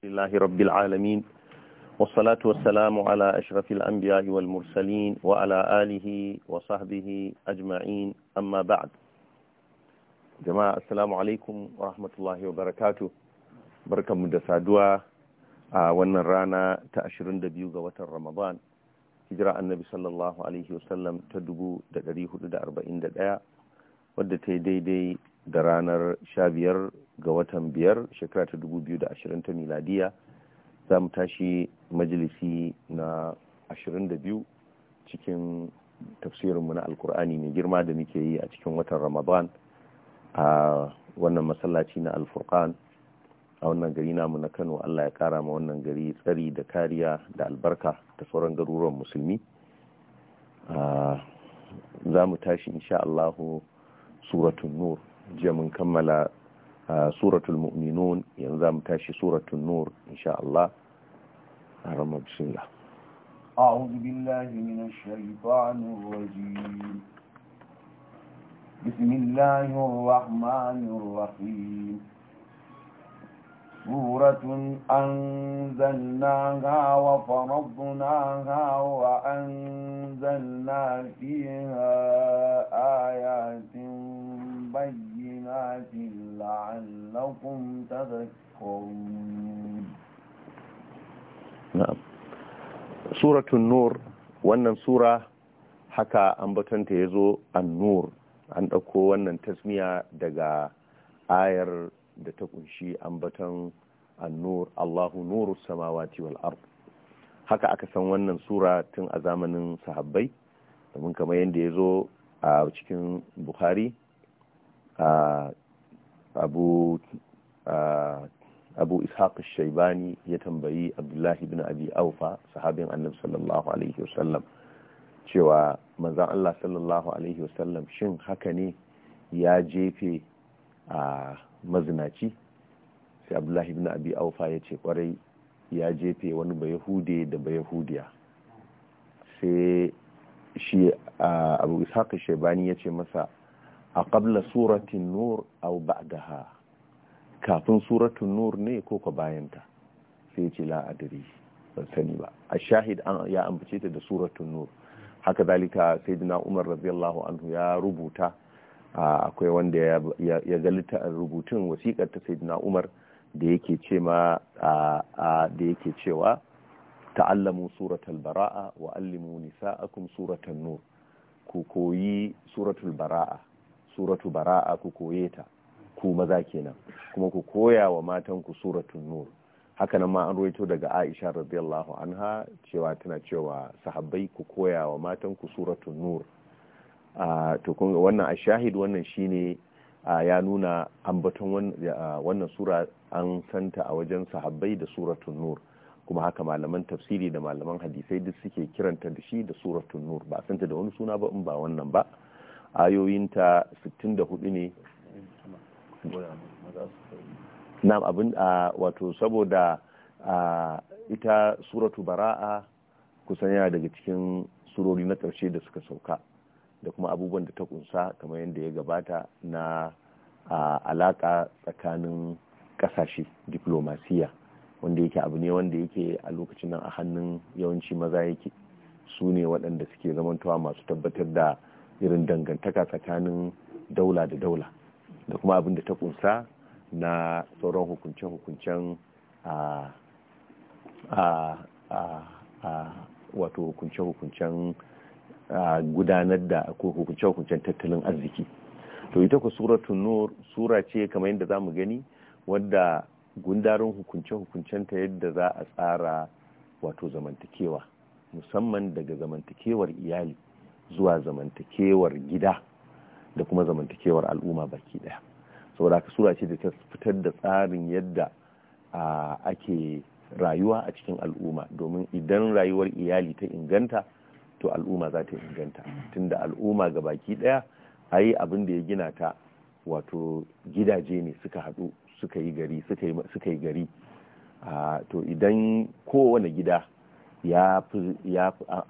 لله رب العالمين والصلاة والسلام على أشرف الأنبياء والمرسلين وعلى آله وصحبه أجمعين أما بعد جماعة السلام عليكم ورحمة الله وبركاته بركة مدسة دعاء wannan rana ta 22 ga watan Ramadan hijira annabi sallallahu alaihi wasallam ta 1441 wadda ta yi daidai da ranar 15 ga watan biyar shekara ta 2020 ta miladiya za mu tashi majalisi na 22 cikin tafsirinmu na alkur'ani mai girma da muke yi a cikin watan ramadan a wannan masallaci na alfurkan a wannan gari namu na kano allah ya kara ma wannan gari tsari da kariya da albarka da sauran garuruwan musulmi za mu tashi insha allahu suratun nur jiya mun kammala suratul mu'minun yanzu za mu tashi suratul nur insha Allah a ramar bismillah أعوذ بالله من الشيطان الرجيم بسم الله الرحمن الرحيم سورة أنزلناها وفرضناها وأنزلنا فيها آيات بيّنات آيات لعلكم تذكرون نعم سورة النور wannan sura haka ambatanta ya zo annur an ɗauko wannan tasmiya daga ayar da ta kunshi ambatan annur allahu nuru samawati wal ard haka aka san wannan sura tun a zamanin sahabbai domin kamar yadda ya zo a cikin bukhari abu ishaq shaibani ya tambayi abdullahi bin abi aufa sahabin annabi sallallahu alaihi wasallam cewa manzan Allah sallallahu alaihi wasallam shin haka ne ya jefe a mazinaci sai abdullahi bin abi aufa ya ce kwarai ya jefe wani bayahude da bayahudiya sai shi abu ishaq shaibani ya ce masa a ƙabla suratun nur au ba'daha kafin suratun nur ne ko ka bayanta sai ce la'adari ban sani ba a shahid ya ambace ta da suratun nur haka sai saidna umar radiyallahu anhu ya rubuta akwai wanda ya ga rubutun wasiƙar ta saidna umar da yake ce ma da yake cewa ta'allamu suratul bara'a wa allimu nisa'akum suratun nur ku koyi suratul bara'a suratu bara'a ku koye ta ku maza kenan kuma ku koya wa matan ku suratul nur haka nan ma an ruwaito daga Aisha radiyallahu anha cewa tana cewa sahabbai ku koya wa matan ku nur a to kun wannan a shahid wannan shine ya nuna ambaton wannan sura an santa a wajen sahabbai da suratun nur kuma haka malaman tafsiri da malaman hadisai duk suke kiranta da shi da suratun nur ba santa da wani suna ba in ba wannan ba ayoyinta 64 ne na abin a wato saboda a ita suratu bara'a kusan yana daga cikin surori na ƙarshe da suka sauka da kuma abubuwan da ta kunsa kamar yadda ya gabata na alaka tsakanin ƙasashe diplomasiya wanda yake abu ne wanda yake a lokacin nan a hannun yawanci maza yake su ne waɗanda suke zamantowa masu tabbatar da irin dangantaka tsakanin daula da daula da kuma abin da ta kunsa na sauran hukunce-hukuncen a wato hukunce-hukuncen gudanar da ko hukunce-hukuncen tattalin arziki to ita ku suratun nur sura ce kamar yadda za mu gani wadda gundarin hukunce hukuncen ta yadda za a tsara wato zamantakewa musamman daga zamantakewar iyali zuwa zamantakewar gida da kuma zamantakewar al'umma baki daya saboda haka sura ce da ta fitar da tsarin yadda ake rayuwa a cikin al'umma domin idan rayuwar iyali ta inganta to al'umma za ta inganta tunda al'umma ga baki daya yi abin da ya gina ta wato gidaje ne suka haɗu suka yi gari suka yi gari to idan kowane gida ya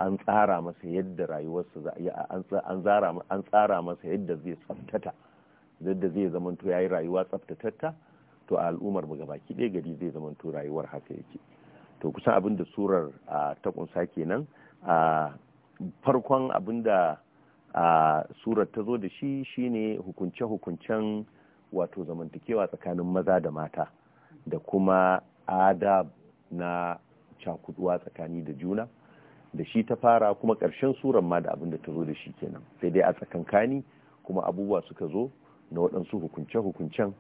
an tsara masa yadda rayuwarsa za a an tsara masa yadda zai tsaftata yadda zai zamanto ya yi rayuwa tsaftatatta to a al'ummar gaba gabaki ɗaya gari zai zamanto rayuwar haka yake to kusan abin da surar ta kunsa kenan a farkon abin da surar ta zo da shi shine hukunce-hukuncen wato zamantakewa tsakanin maza da mata da kuma adab na cakuduwa tsakani da juna da shi ta fara kuma ƙarshen suran ma da abin da ta zo da shi kenan sai dai a tsakankani kuma abubuwa suka zo na waɗansu hukunce-hukuncen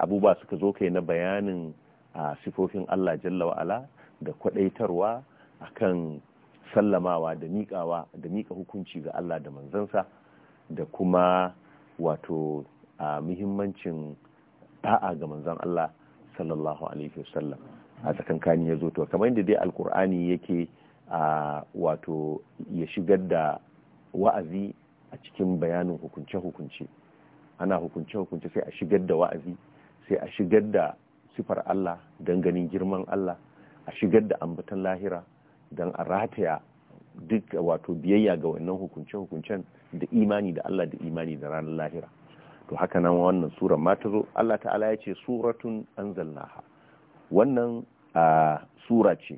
abubuwa suka zo kai na bayanin sifofin Allah jalla wa'ala da kwaɗaitarwa a kan sallamawa da miƙawa da miƙa hukunci ga Allah da manzansa da kuma wato muhimmancin ɗa'a ga manzan Allah sallallahu alaihi wasallam a tsakankani ya zo to kamar yadda dai alkur'ani yake a wato ya shigar da wa'azi a cikin bayanin hukunce-hukunce ana hukunce-hukunce sai a shigar da wa'azi sai a shigar da sifar Allah don ganin girman Allah a shigar da ambatan lahira don a rataya duk wato biyayya ga wannan hukunce-hukuncen da imani da Allah da imani da ranar lahira to haka nan wannan sura ma ta zo Allah ta'ala ya ce suratun anzalnaha wannan sura ce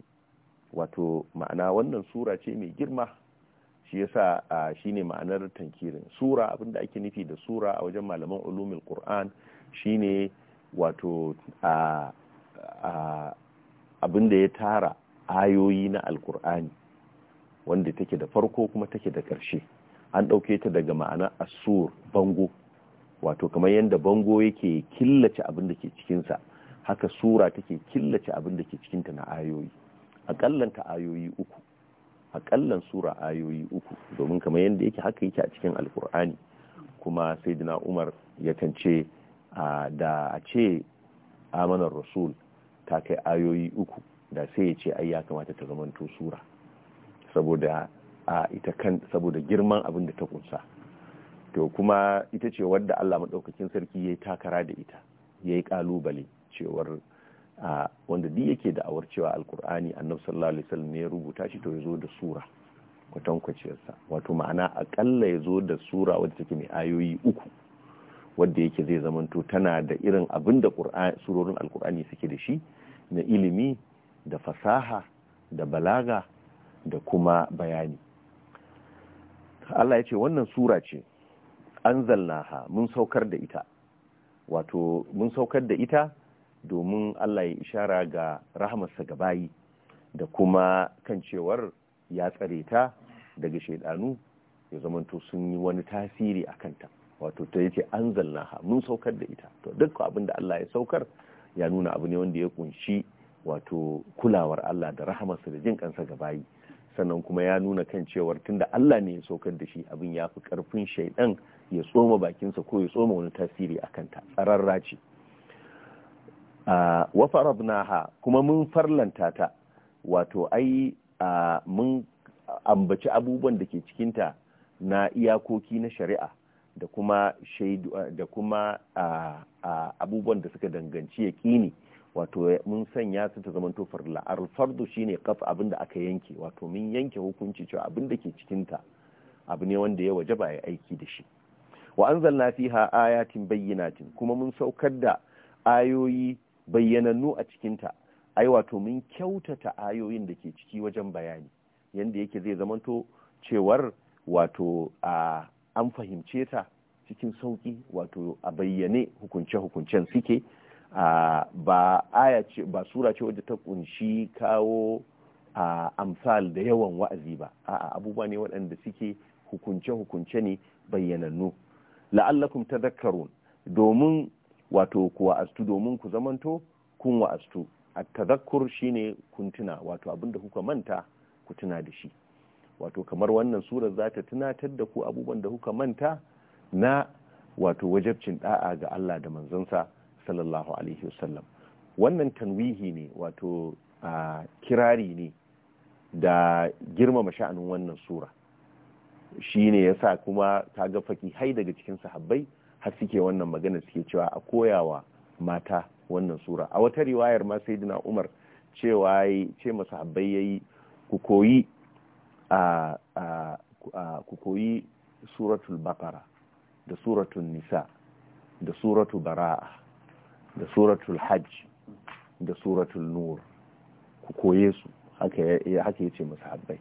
wato ma'ana wannan sura ce mai girma shi yasa shine ma'anar tankirin sura abinda ake nufi da sura a wajen malaman ulumul qur'an shine wato abinda ya tara ayoyi na alkur'ani wanda take da farko kuma take da ƙarshe an ɗauke ta daga ma'ana asur bango wato kamar yadda bango yake killace abinda ke cikinsa haka sura take killace abin da ke cikinta na ayoyi akallanta ayoyi uku akallan sura ayoyi uku domin kamar yadda yake haka yake a cikin alkur'ani kuma sayyidina umar ya tance da a ce amanar rasul ta kai ayoyi uku da sai ya ce ai ya kamata ta zamanto sura saboda a ita kan saboda girman abin da ta kunsa to kuma ita ce wadda Allah madaukakin sarki yayi takara da ita yayi ƙalubale. cewar wanda duk yake da'awar cewa alkur'ani annabi sallallahu alaihi wasallam ne ya rubuta shi to ya zo da sura kwatankwaciyarsa wato ma'ana akalla ya zo da sura wadda take mai ayoyi uku wadda yake zai zamanto tana da irin abin da surorin alkur'ani suke da shi na ilimi da fasaha da balaga da kuma bayani Allah ya ce wannan sura ce an zallaha mun saukar da ita wato mun saukar da ita domin Allah ya ishara ga rahamarsa ga bayi da kuma kan cewar ya tsare ta daga shaidanu ya zamanto sun yi wani tasiri a kanta wato ta yake an ha mun saukar da ita to duk abin da Allah ya saukar ya nuna abu ne wanda ya kunshi wato kulawar Allah da rahamarsa da jin kansa ga bayi sannan kuma ya nuna kan cewar tunda Allah ne ya saukar da shi abin ya fi karfin shaidan ya tsoma bakinsa ko ya tsoma wani tasiri a kanta tsararra ce wa farabnaha kuma mun farlanta ta wato ai mun ambaci abubuwan da ke cikinta na iyakoki na shari'a da kuma shaidu da abubuwan da suka danganci ya yaƙini wato mun sanya su ta zamanto farla alfardu shine kaf abin aka yanke wato mun yanke hukunci cewa abin da ke cikinta abu ne wanda ya waje wajaba ya aiki da shi wa anzalna fiha ayatin bayyinatin kuma mun saukar da ayoyi bayyanannu a cikinta ai wato mun kyautata ayoyin da ke ciki wajen bayani yanda yake zai zamanto cewar wato a an fahimce ta cikin sauƙi wato a bayyane hukunce-hukuncen suke ba aya ce ba sura ce wadda ta kunshi kawo a amsal da yawan wa'azi ba a'a abubuwa ne waɗanda suke hukunce-hukunce ne bayyanannu la'allakum tadhakkarun domin wato ku wa'astu domin ku zamanto kun wa'astu tazakkur shi ne kun tuna wato abinda kuka manta ku tuna da shi wato kamar wannan surar za ta tunatar da ku abubuwan da kuka manta na wato wajabcin da'a ga Allah da manzansa sallallahu alaihi wasallam wannan tanwihi ne wato a kirari ne da girmama sha'anin wannan sura shi ne ya sa kuma ta ga hai daga cikin sahabbai har suke wannan magana suke cewa a koyawa mata wannan sura a wata riwayar ma sai Umar cewa yi ce masahabbai yayi ku koyi ku koyi suratul baqara da suratul nisa da suratul bara'a da suratul hajj da suratul nur ku koye su haka ya ce masahabbai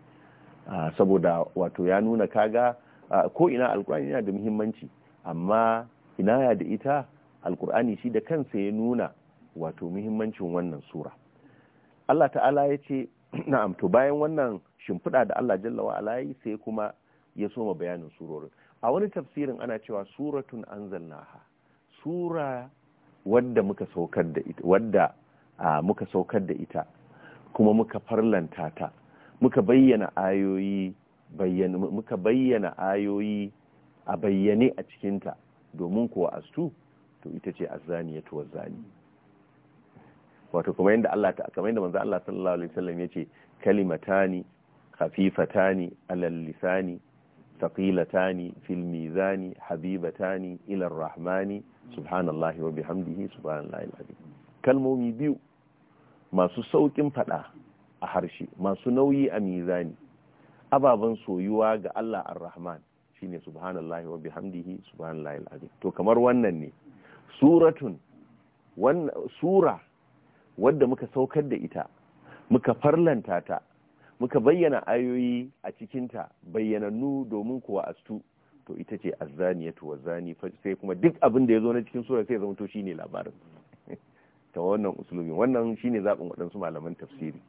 saboda wato ya nuna kaga ko ina alkur'ani yana da muhimmanci amma inaya da ita alkur'ani shi da kansa ya nuna wato muhimmancin wannan sura Allah ta'ala ya ce na'am to bayan wannan shimfiɗa da Allah jalla wa ala yi sai kuma ya soma bayanin surorin a wani tafsirin ana cewa suratun anzalnaha sura wadda muka saukar da ita wadda muka saukar da ita kuma muka farlanta ta muka bayyana ayoyi bayyana muka bayyana ayoyi a bayyane a cikinta domin kuwa astu to ita ce azzaniyatu zani. wato kuma yadda Allah ta kamar yadda manzo Allah sallallahu alaihi wasallam yace kalimatani khafifatani alal lisani thaqilatani fil mizani habibatani ila rahmani subhanallahi wa bihamdihi subhanallahi alazim kalmomi biyu masu saukin fada a harshe masu nauyi a mizani ababan soyuwa ga Allah ar-rahman shine subhanallahi wa bihamdihi subhanallahi alazim to kamar wannan ne suratun wannan sura wadda muka saukar da ita muka farlanta ta muka bayyana ayoyi a cikin ta bayyanannu domin kuwa astu to ita ce azzaniyatu wazani sai kuma duk abin da ya zo na cikin sura sai zama to shine labarin ta wannan usulumi wannan shine zaɓin waɗansu malaman tafsiri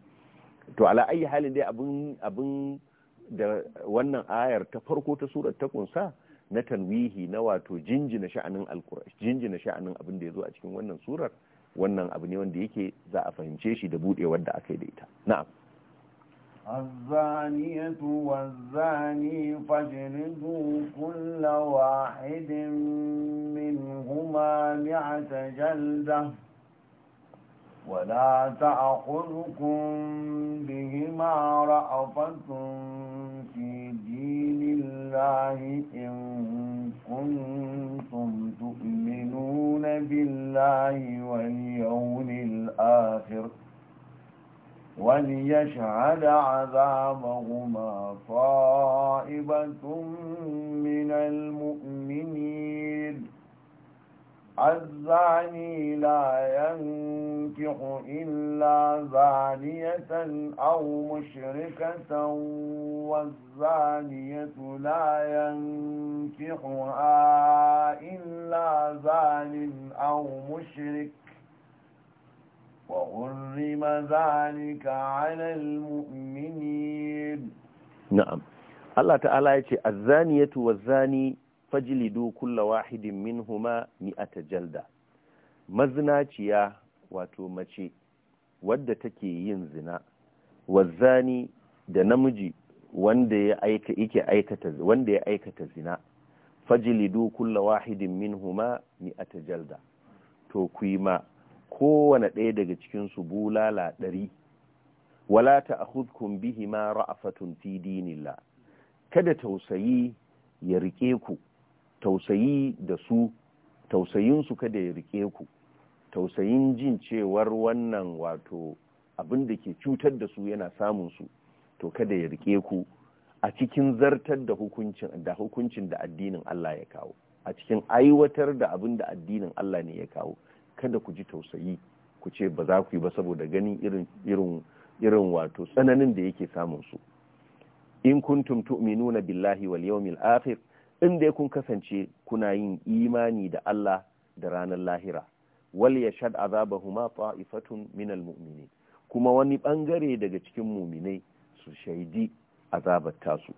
to ala ayi halin dai abin abin da wannan ayar ta farko ta surar ta kunsa na tanwihi na wato jinjina sha'anin alkur'ani jinjina sha'anin abin da ya zo a cikin wannan surar wannan abu ne wanda yake za a fahimce shi da budewar da aka yi da ita na'am الزانية والزاني فاجلدوا كل min منهما مئة جلدة ولا تأخذكم بهما رأفة في دين الله إن كنتم تؤمنون بالله واليوم الآخر وليشهد عذابهما طائبة من المؤمنين الزاني لا ينكح إلا زانية أو مشركة والزانية لا ينكحها إلا زان أو مشرك وحرم ذلك على المؤمنين نعم الله تعالى يقول الزانية والزاني fajilidu kulla wahidin min huma mi'ata jalda mazinaciya wato mace wadda take yin zina wazzani da namiji wanda ya aika yake aikata wanda ya aikata zina huma kulla wahidin ta mi'ata jalda to ku yi ma kowane ɗaya daga cikin su bulala ɗari wala ta bihi bihima ra'afatun fi dinillah kada tausayi ya rike ku tausayi da su tausayinsu kada ya rike ku tausayin jin cewar wannan wato abin da ke cutar da su yana samun su to kada ya rike ku a cikin zartar da hukuncin da hukuncin da addinin Allah ya kawo a cikin aiwatar da abin da addinin Allah ne ya kawo kada ku ji tausayi ku ce ba za ku yi ba saboda ganin irin irin irin wato tsananin da yake samun su in kuntum tu'minuna billahi wal yawmil akhir inda kun kasance kuna yin imani da Allah da ranar lahira wal yashad azabahuma ta'ifatun minal mu'minin kuma wani bangare daga cikin muminai su shaidi azabar tasu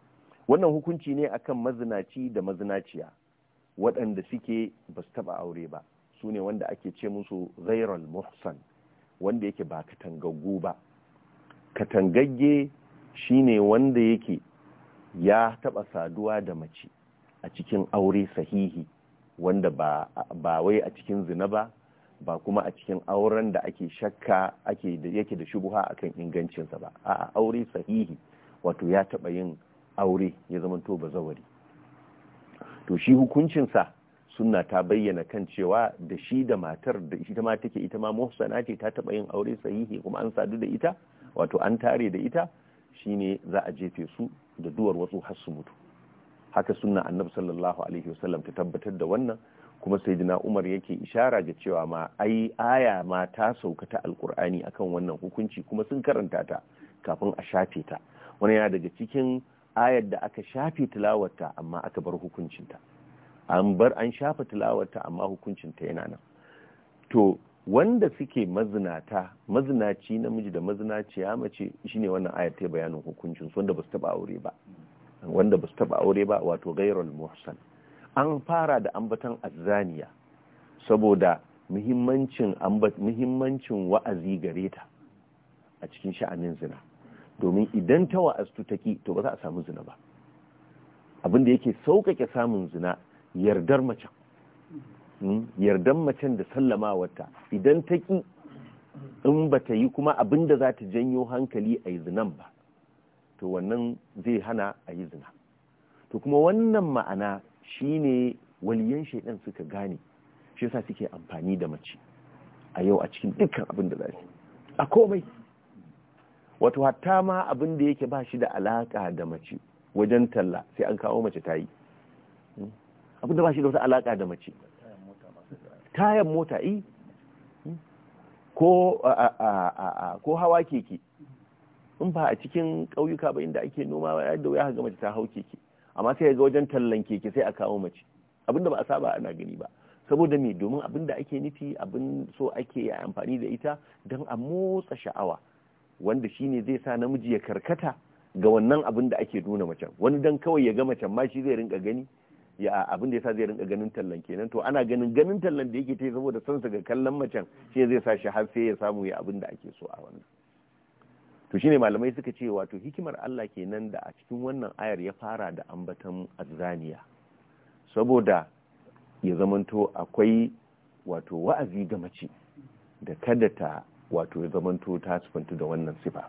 wannan hukunci ne akan mazinaci da mazinaciya waɗanda suke ba su taɓa aure ba sune wanda ake ce musu ghairul muhsan wanda yake ba katangaggu ba katangagge shine wanda yake ya taɓa saduwa da mace a cikin aure sahihi wanda ba wai a cikin zina ba ba kuma a cikin auren da ake shakka ake yake da shubuha akan ingancinsa ba a aure sahihi wato ya taba yin aure ya zama to zawari to shi hukuncinsa sunna ta bayyana kan cewa da shi da matar da ita ma take ita ma muhsana ce ta taba yin aure sahihi kuma an sadu da ita wato an tare da ita shine za a jefe su da duwar wasu har su mutu haka sunna annabi sallallahu alaihi wasallam ta tabbatar da wannan kuma sayyidina Umar yake ishara ga cewa ma ai aya ma ta sauka ta alkur'ani akan wannan hukunci kuma sun karanta ta kafin a shafe ta wani yana daga cikin ayar da aka shafe tilawarta amma aka bar ta an bar an shafe tilawarta amma hukuncin ta yana nan to wanda suke mazinata mazinaci namiji da mazinaciya mace shine wannan ayar ta bayanin hukuncin su wanda ba su taba aure ba wanda ba su taba aure ba wato gairul muhsan an fara da ambatan azzaniya saboda muhimmancin muhimmancin wa'azi gare ta a cikin sha'anin zina domin idan ta wa'aztu take to ba za a samu zina ba abin da yake sauƙaƙe samun zina yardar macen hmm? yardar macen da sallamawarta idan ta ki in ba ta yi kuma abin da za ta janyo hankali a yi zinan ba to wannan zai hana a yi zina to kuma wannan ma'ana shine waliyan shaidan suka gane shi yasa suke amfani da mace a yau a cikin dukkan abin da za su a komai wato hatta ma abin da yake ba shi da alaka da mace wajen talla sai an kawo mace ta yi hmm? abin da ba shi da wata alaka da mace tayan mota yi eh? hmm? ko hawa keke in ba a cikin ƙauyuka ba inda ake noma ba yadda wuya ga mace ta hau keke amma sai ga wajen tallan keke sai a kawo mace abinda ba a saba ana gani ba saboda me domin abinda ake nufi abin so ake amfani da ita don a motsa sha'awa wanda shine zai sa namiji ya karkata ga wannan abin da ake nuna macen wani dan kawai ya ga macen ma shi zai rinka gani ya abin da yasa zai rinka ganin tallan kenan to ana ganin ganin tallan da yake ta saboda son ga kallon macen shi zai sa shi har sai ya samu ya abin da ake so a wannan to shine malamai suka ce wato hikimar Allah kenan da a cikin wannan ayar ya fara da ambatan azzaniya saboda ya zamanto akwai wato wa'azi ga mace da kada ta wato ya zamanto ta sufantu da wannan sifa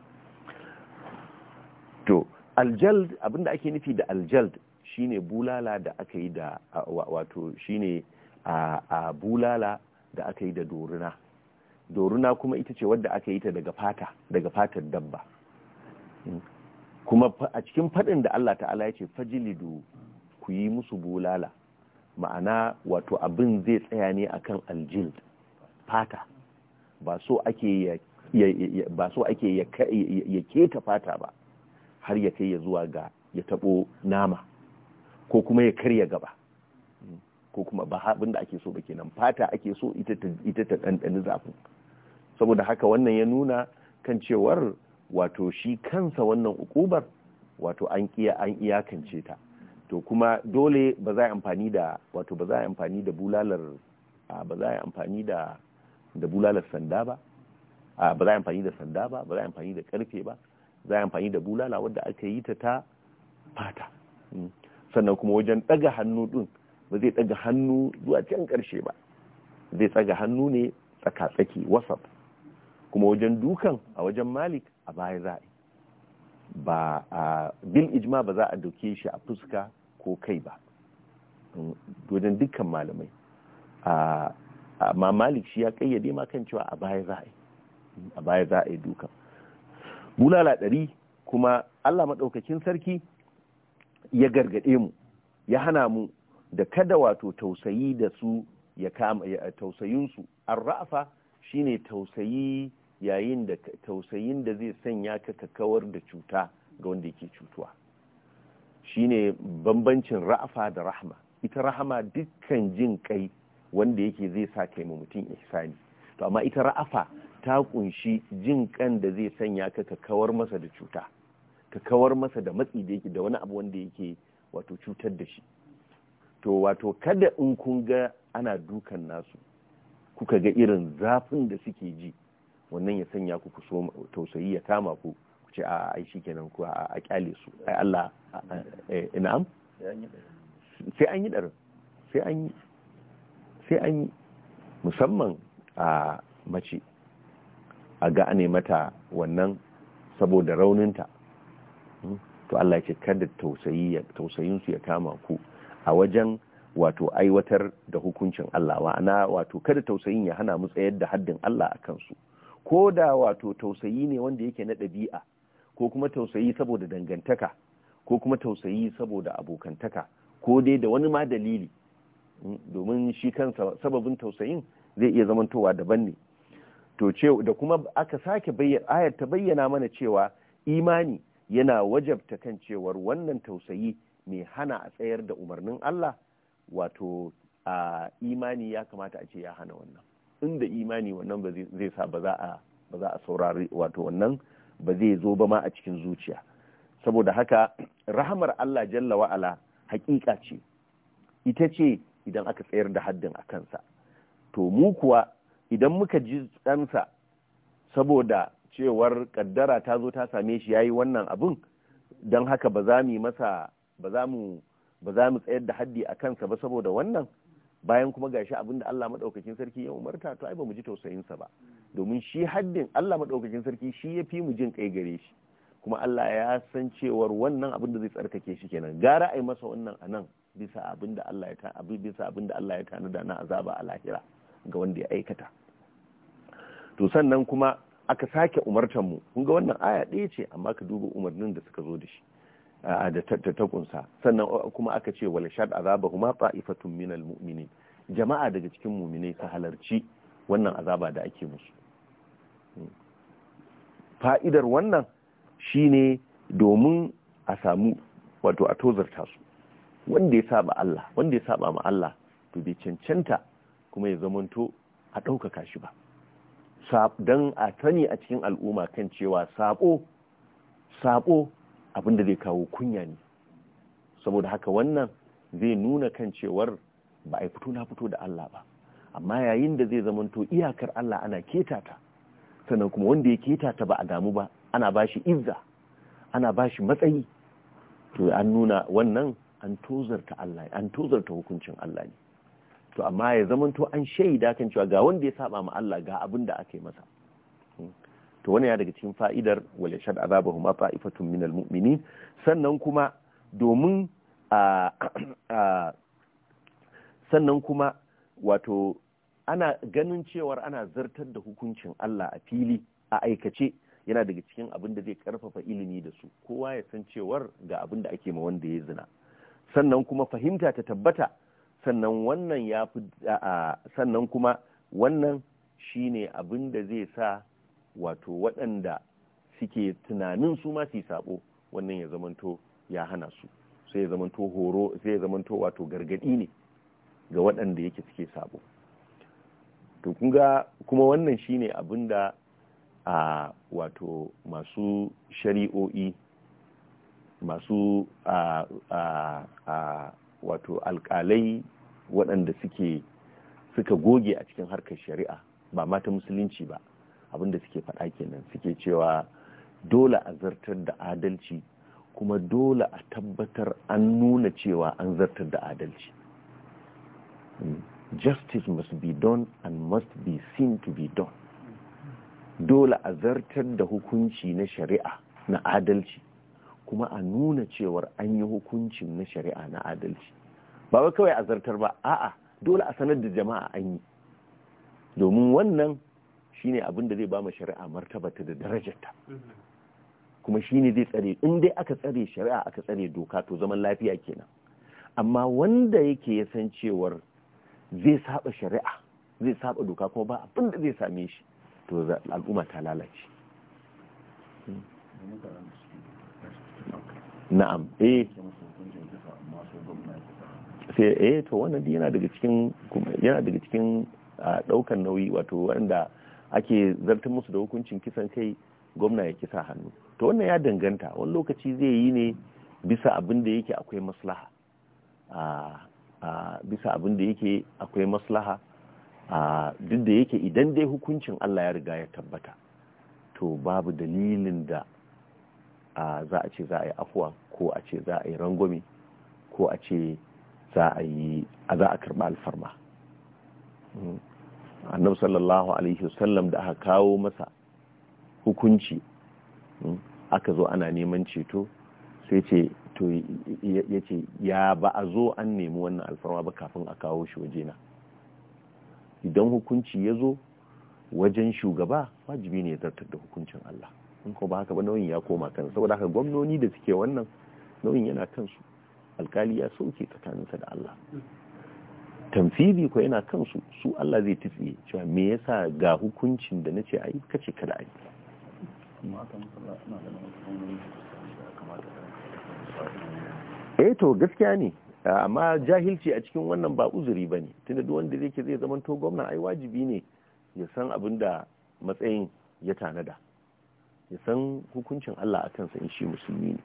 to aljald abinda ake nufi da aljald shine bulala da aka yi da wato shine a bulala da aka yi da doruna doruna kuma ita ce wadda aka yi ta daga fata daga fatar dabba kuma a cikin faɗin da Allah ta'ala ya ce fajilidu ku yi musu bulala ma'ana wato abin zai tsaya ne akan aljild fata ba so ake ya keta fata ba har ya kai ya zuwa ga ya taɓo nama ko kuma ya karya gaba ko kuma ba abin da ake so ba kenan fata ake so ita ta ɗanɗani zafin saboda haka wannan ya nuna kan cewar wato shi kansa wannan ukubar wato an kiya an iyakance ta to kuma dole ba za a amfani da wato ba za a amfani da bulalar ba za a amfani da da bulalar sanda ba ba za a amfani da sanda ba ba za a amfani da karfe ba za a amfani da bulala wadda aka yi ta ta fata hmm. sannan kuma wajen daga hannu din ba zai daga hannu zuwa can karshe ba zai tsaga hannu ne tsaka-tsaki wasaf kuma wajen dukan a wajen malik a baya za ba a bil ijma ba za a doke shi a fuska ko kai ba wajen dukkan malamai amma malik shi ya kayyade ma kan cewa a baya za a bayan dukan bulala ɗari kuma allah maɗaukakin sarki ya gargaɗe mu ya hana mu da kada wato tausayi da su ya kama tausayinsu an ra'afa shine tausayi yayin da tausayin da zai sanya ka ka kawar da cuta ga wanda yake cutuwa shine bambancin ra'afa da rahama ita rahama dukkan jin kai wanda yake zai sa kai mu mutum ihsani to amma ita ra'afa ta kunshi jin kan da zai sanya ka ka kawar masa da cuta ka kawar masa da matsi da yake da wani abu wanda yake wato cutar da shi to wato kada in kun ga ana dukan nasu kuka ga irin zafin da suke ji wannan ya sanya ku ku so tausayi ya kama ku ku ce a ai shikenan ku a kyale su ai Allah eh, na'am sai an yi darin sai an sai an musamman a mace a ga ne mata wannan saboda rauninta hmm? to Allah ya ce kada tausayi su ya kama ku a wajen wato aiwatar da hukuncin Allah wa'ana wato kada tausayin ya hana mu tsayar da haddin Allah a kansu ko da wato tausayi ne wanda yake na ɗabi'a ko kuma tausayi saboda dangantaka ko kuma tausayi saboda abokantaka ko dai da wani ma dalili hmm, domin shi kansa sababin tausayin zai iya zamantowa daban ne to da kuma aka sake bayyana ayar ta bayyana mana cewa imani yana wajabta kan cewar wannan tausayi mai hana a tsayar da umarnin Allah wato a imani ya kamata a ce ya hana wannan In da imani wannan ba zai sa ba za a saurari wato wannan ba zai zo ba ma a cikin zuciya saboda haka rahamar Allah jalla wa'ala hakika ce ita ce idan aka tsayar da haddin a kansa to mu kuwa idan muka ji tsansa saboda cewar kaddara ta zo ta same shi yayi wannan abun don haka ba za mu ba za mu tsayar da haddi a kansa ba saboda wannan bayan kuma gashi abin da Allah madaukakin sarki ya umarta to ai ba mu ji tausayin ba domin shi haddin Allah madaukakin sarki shi ya fi mu jin kai gare shi kuma Allah ya san cewar wannan abin da zai tsarkake shi kenan gara ai masa wannan anan bisa abin Allah ya ta abi bisa abin Allah ya tanada na azaba a lahira ga wanda ya aikata to sannan kuma aka sake umartan mu kun ga wannan aya ɗaya ce amma ka duba umarnin da suka zo da shi da ta kunsa sannan kuma aka ce wal shad azaba huma ta'ifatun minal mu'minin jama'a daga cikin mu'minai ta halarci wannan azaba da ake musu fa'idar wannan shine domin a samu wato a tozarta su wanda ya saba Allah wanda ya saba ma Allah to bai cancanta kuma ya zamanto a ɗaukaka shi ba Dan a sani a cikin al'umma kan cewa sabo sabo abin da zai kawo kunya ne saboda haka wannan zai nuna kan cewar ba a fito na fito da Allah ba amma yayin da zai zamanto iyakar Allah ana keta ta sannan kuma wanda ya ketata ba a damu ba ana bashi izza ana bashi matsayi to an nuna wannan an tozarta Allah an tozarta hukuncin Allah ne to amma ya zamanto an shaida kan cewa ga wanda ya saba ma Allah ga abin da aka yi masa to wani ya daga cikin fa'idar wal yashad azabahum ta'ifatun minal mu'minin sannan kuma domin a sannan kuma wato ana ganin cewar ana zartar da hukuncin Allah a fili a aikace yana daga cikin abin da zai karfafa ilimi da su kowa ya san cewar ga abin da ake ma wanda ya zina sannan kuma fahimta ta tabbata sannan wannan ya sannan kuma wannan shine abin da zai sa wato waɗanda suke tunanin su ma su sabo wannan ya zamanto ya hana su sai ya zamanto horo sai ya zamanto wato gargadi ne ga waɗanda yake suke saɓo. to kunga kuma wannan shine abun da a wato masu shari'o'i masu a a a wato alƙalai waɗanda suke suka goge a cikin harkar shari'a ba mata musulunci ba da suke faɗa kenan suke cewa dole a zartar da adalci kuma dole a tabbatar an nuna cewa an zartar da adalci hmm. justice must be done and must be seen to be done dole a zartar da hukunci na shari'a na adalci kuma a nuna cewar an yi hukuncin na shari'a na adalci ba kawai a zartar ba a'a dole a sanar da jama'a an yi domin wannan shine abin da zai ba mu shari'a martabata da darajarta mm-hmm. kuma shine zai tsare in dai aka tsare shari'a aka tsare doka to zaman lafiya kenan amma wanda yake ya san cewar zai saba shari'a zai saba doka kuma ba abin da zai same shi to al'umma ta lalace na'am eh sai eh to wannan yana daga cikin yana daga cikin daukan ah, nauyi wato wanda ake zartar musu da hukuncin kisan kai gwamna ya kisa hannu to wannan ya danganta wani lokaci zai yi ne bisa abin da yake akwai maslaha a bisa abin da yake akwai maslaha a duk da yake idan dai hukuncin Allah ya riga ya tabbata to babu dalilin da za a ce za a yi afuwa ko a ce za a yi rangwame ko a ce za a yi za a karɓi alfarma hmm. annabi sallallahu alaihi wasallam da aka kawo masa hukunci hmm, aka zo ana neman ceto sai ce to ya ce ya ba a zo an nemi wannan alfarma ba kafin a kawo shi na idan hukunci ya zo wajen shugaba wajibi ne ya zartar da hukuncin Allah in ko ba haka ba nauyin ya koma kan saboda haka gwamnoni da suke wannan nauyin yana kansu alkali ya sauke tsakaninsa da Allah tamfidi ko yana kansu su Allah zai tafi cewa me yasa ga hukuncin da nace ai kace kada ai eh to gaskiya ne amma jahilci a cikin wannan ba uzuri bane tunda duk wanda yake zai zaman to gwamna ai wajibi ne ya san abin da matsayin ya tanada ya san hukuncin Allah a kansa in shi musulmi ne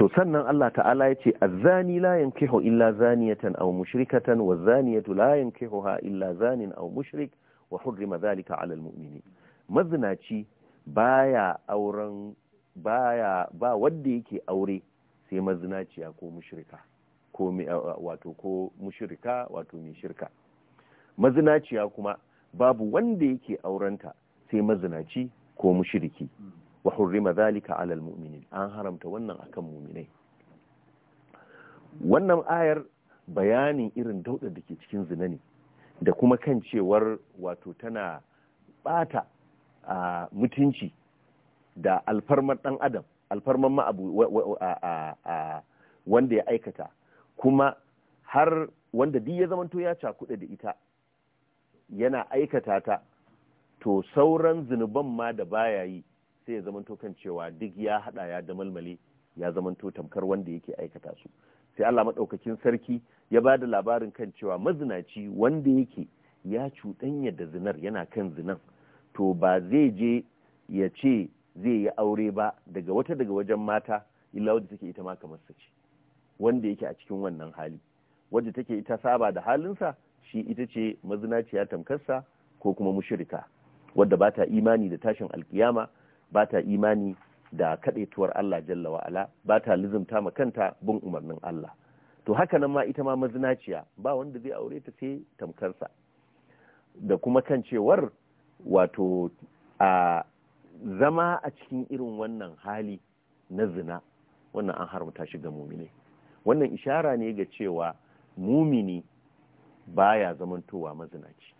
to sannan Allah ta'ala ya ce azzani la yankihu illa zaniyatan aw mushrikatan wa zaniyatu la yankihuha illa zanin aw mushrik wa hurrima dhalika 'ala almu'minin mazinaci baya auren baya ba wanda yake aure sai mazinaciya ko mushrika ko wato ko mushrika wato mai shirka mazinaciya kuma babu wanda yake aurenta sai mazinaci ko mushriki wa hurrima zalika alal almu'minin an haramta wannan akan mu'minai wannan ayar bayanin irin dauda da ke cikin zina ne da kuma kan cewar wato tana bata a mutunci da alfarmar dan adam alfarmar abu wanda ya aikata kuma har wanda duk ya zamanto ya cakuɗa da ita yana aikata ta to sauran zinuban ma da baya yi sai ya zamanto kan cewa duk ya hada ya da malmale ya zamanto tamkar wanda yake aikata su sai Allah madaukakin sarki ya ba da labarin kan cewa mazinaci wanda yake ya cuɗanya da zinar yana kan zinan to ba zai je ya ce zai yi aure ba daga wata daga wajen mata illa wadda take ita ma kamar ce wanda yake a cikin wannan hali wadda take ita saba da halinsa shi ita ce mazinaciya tamkarsa ko kuma mushirika wadda ba ta imani da tashin alkiyama ba ta imani da kaɗaituwar Allah jalla wa'ala ba ta lizumta ma kanta bin umarnin Allah to haka nan ma ita ma mazinaciya ba wanda zai aure ta sai tamkarsa da kuma kan cewar wato a zama a cikin irin wannan hali na zina wannan an haramta shi ga mumine wannan ishara ne ga cewa mumini baya zamantowa mazinaci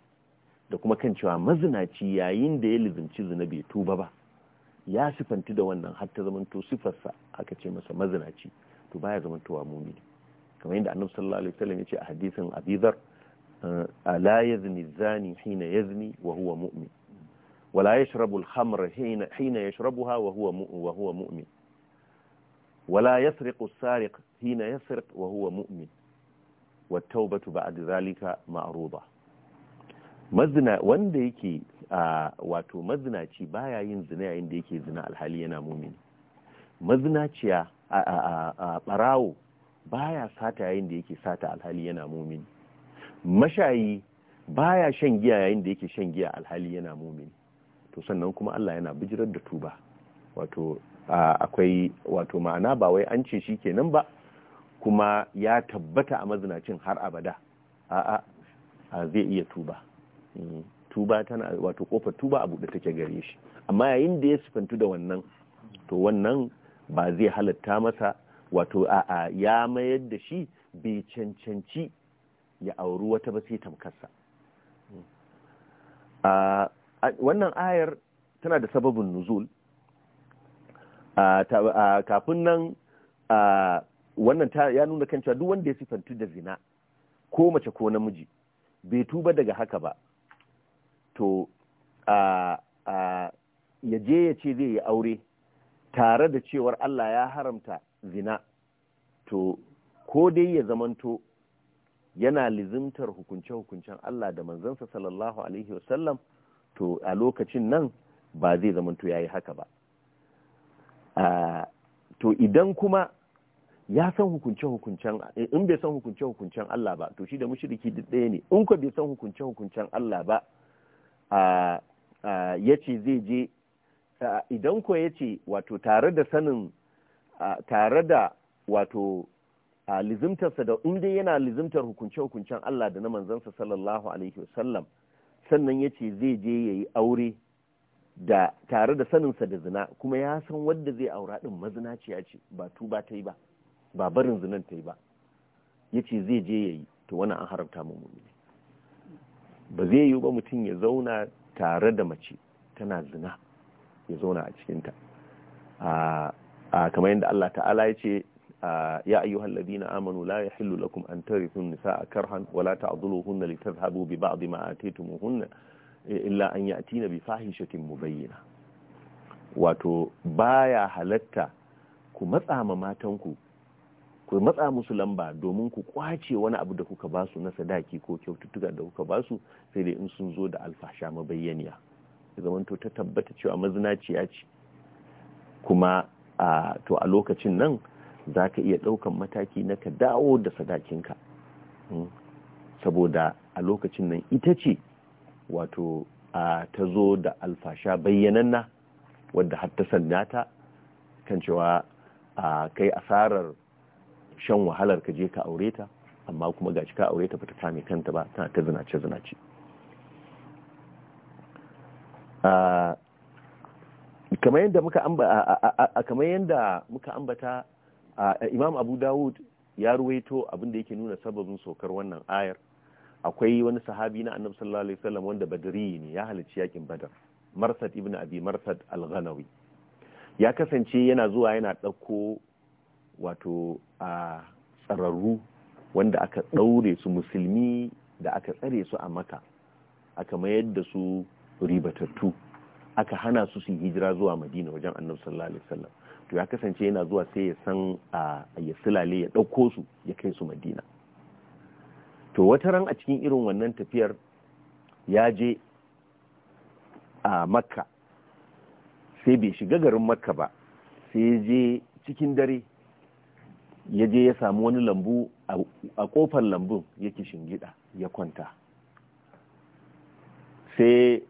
da kuma kan cewa mazinaci yayin da ya lizinci zina bai tuba ba ya sifanti da wannan har ta zamanto sifarsa aka ce masa mazinaci to baya zamantowa mumini kamar yadda annabi sallallahu alaihi wasallam ya ce a hadisin abizar ala yazni zani hina yazni wa huwa mu'min wa la yashrabu al-khamra hina hina yashrabuha wa huwa wa huwa mu'min wa la yasriqu as-sariq hina yasriq wa huwa mu'min wa at-tawbatu ba'da ذلك معروضة mazina wanda yake wato mazinaci baya yin zina yayin da yake zina alhali yana mumini mazinaciya a a barawo baya sata yayin da yake sata alhali yana mumini mashayi baya shan giya yayin da yake shan giya alhali yana mumini to sannan kuma Allah yana bijirar da tuba wato akwai wato ma'ana ba wai an ce shi kenan ba kuma ya tabbata a mazinacin har abada a a zai iya tuba Mm. tuba tana wato kofar tuba a buɗe take gare shi amma yayin da ya sifantu da wannan to wannan ba zai halatta masa wato a'a ya mayar da shi bai cancanci ya auri wata ba sai tamkarsa mm. wannan ayar tana da sababin nuzul kafin nan wannan ya nuna kan cewa duk wanda ya sifantu da zina ko mace ko namiji bai tuba daga haka ba to a ya je ya ce zai yi aure tare da cewar Allah ya haramta zina to ko dai ya zamanto yana lizimtar hukunce-hukuncen Allah da manzansa sallallahu alaihi wasallam to a lokacin nan ba zai zamanto ya yi haka ba to idan kuma ya san hukunce-hukuncen in bai san hukunce-hukuncen Allah ba to shi da mushriki duk ɗaya ne in ka bai san hukunce-hukuncen Allah ba ya ce zai je idan ko ya ce wato tare da sanin tare da wato lizimtarsa da inda yana lizimtar hukunce-hukuncen Allah da na manzansa sallallahu alaihi wasallam sannan ya ce zai je ya yi aure da tare da saninsa da zina kuma ya san wadda zai aura ɗin mazinaciya ce ba tuba ta yi ba ba barin zinan ta yi ba ya ce zai je ya yi to wani an haramta mu ba zai yi ba mutum ya zauna tare da mace tana zina ya zauna a cikinta kamar yadda Allah ta'ala ya ce ya hallabi na amanu la ya hillu lakum an nisa a karhan wa hunna ta'dhuluhunna litadhhabu bi ba'd ma hunna illa an ya'tina bi fahishatin bayyana. wato baya halatta ku matsa ma matanku ku matsa musu lamba domin ku kwace wani abu da kuka basu na sadaki ko kyaututtuka da kuka basu sai dai in sun zo da alfasha mabayyaniya zamanto ta tabbata cewa mazinaciya ce kuma a to a lokacin nan za ka iya ɗaukan mataki na ka dawo da sadakinka hmm. saboda a lokacin nan ita ce wato a ta zo da alfasha bayyananna wadda har ta kan cewa a kai asarar shan wahalar ka je ka aure ta amma kuma gashi ka aure ta ba ta kame kanta ba tana ta zinace zinace kamar yadda muka ambata kamar Imam Abu Dawud ya ruwaito abinda yake nuna sababin saukar wannan ayar akwai wani sahabi na Annabi sallallahu alaihi wasallam wanda badri ne ya halarci yakin Badar Marsad ibn Abi Marsad al-Ghanawi ya kasance yana zuwa yana ɗauko wato a tsararru wanda aka ɗaure su musulmi da aka tsare su a maka aka mayar da su ribatattu aka hana su su hijira zuwa madina wajen annabi sallallahu alaihi wasallam to ya kasance yana zuwa sai ya san a ya silale ya ɗauko su ya kai su madina to wata ran a cikin irin wannan tafiyar ya je a makka sai bai shiga garin makka ba sai ya je cikin dare ya je ya samu wani lambu a kofar lambun yake shingida ya kwanta sai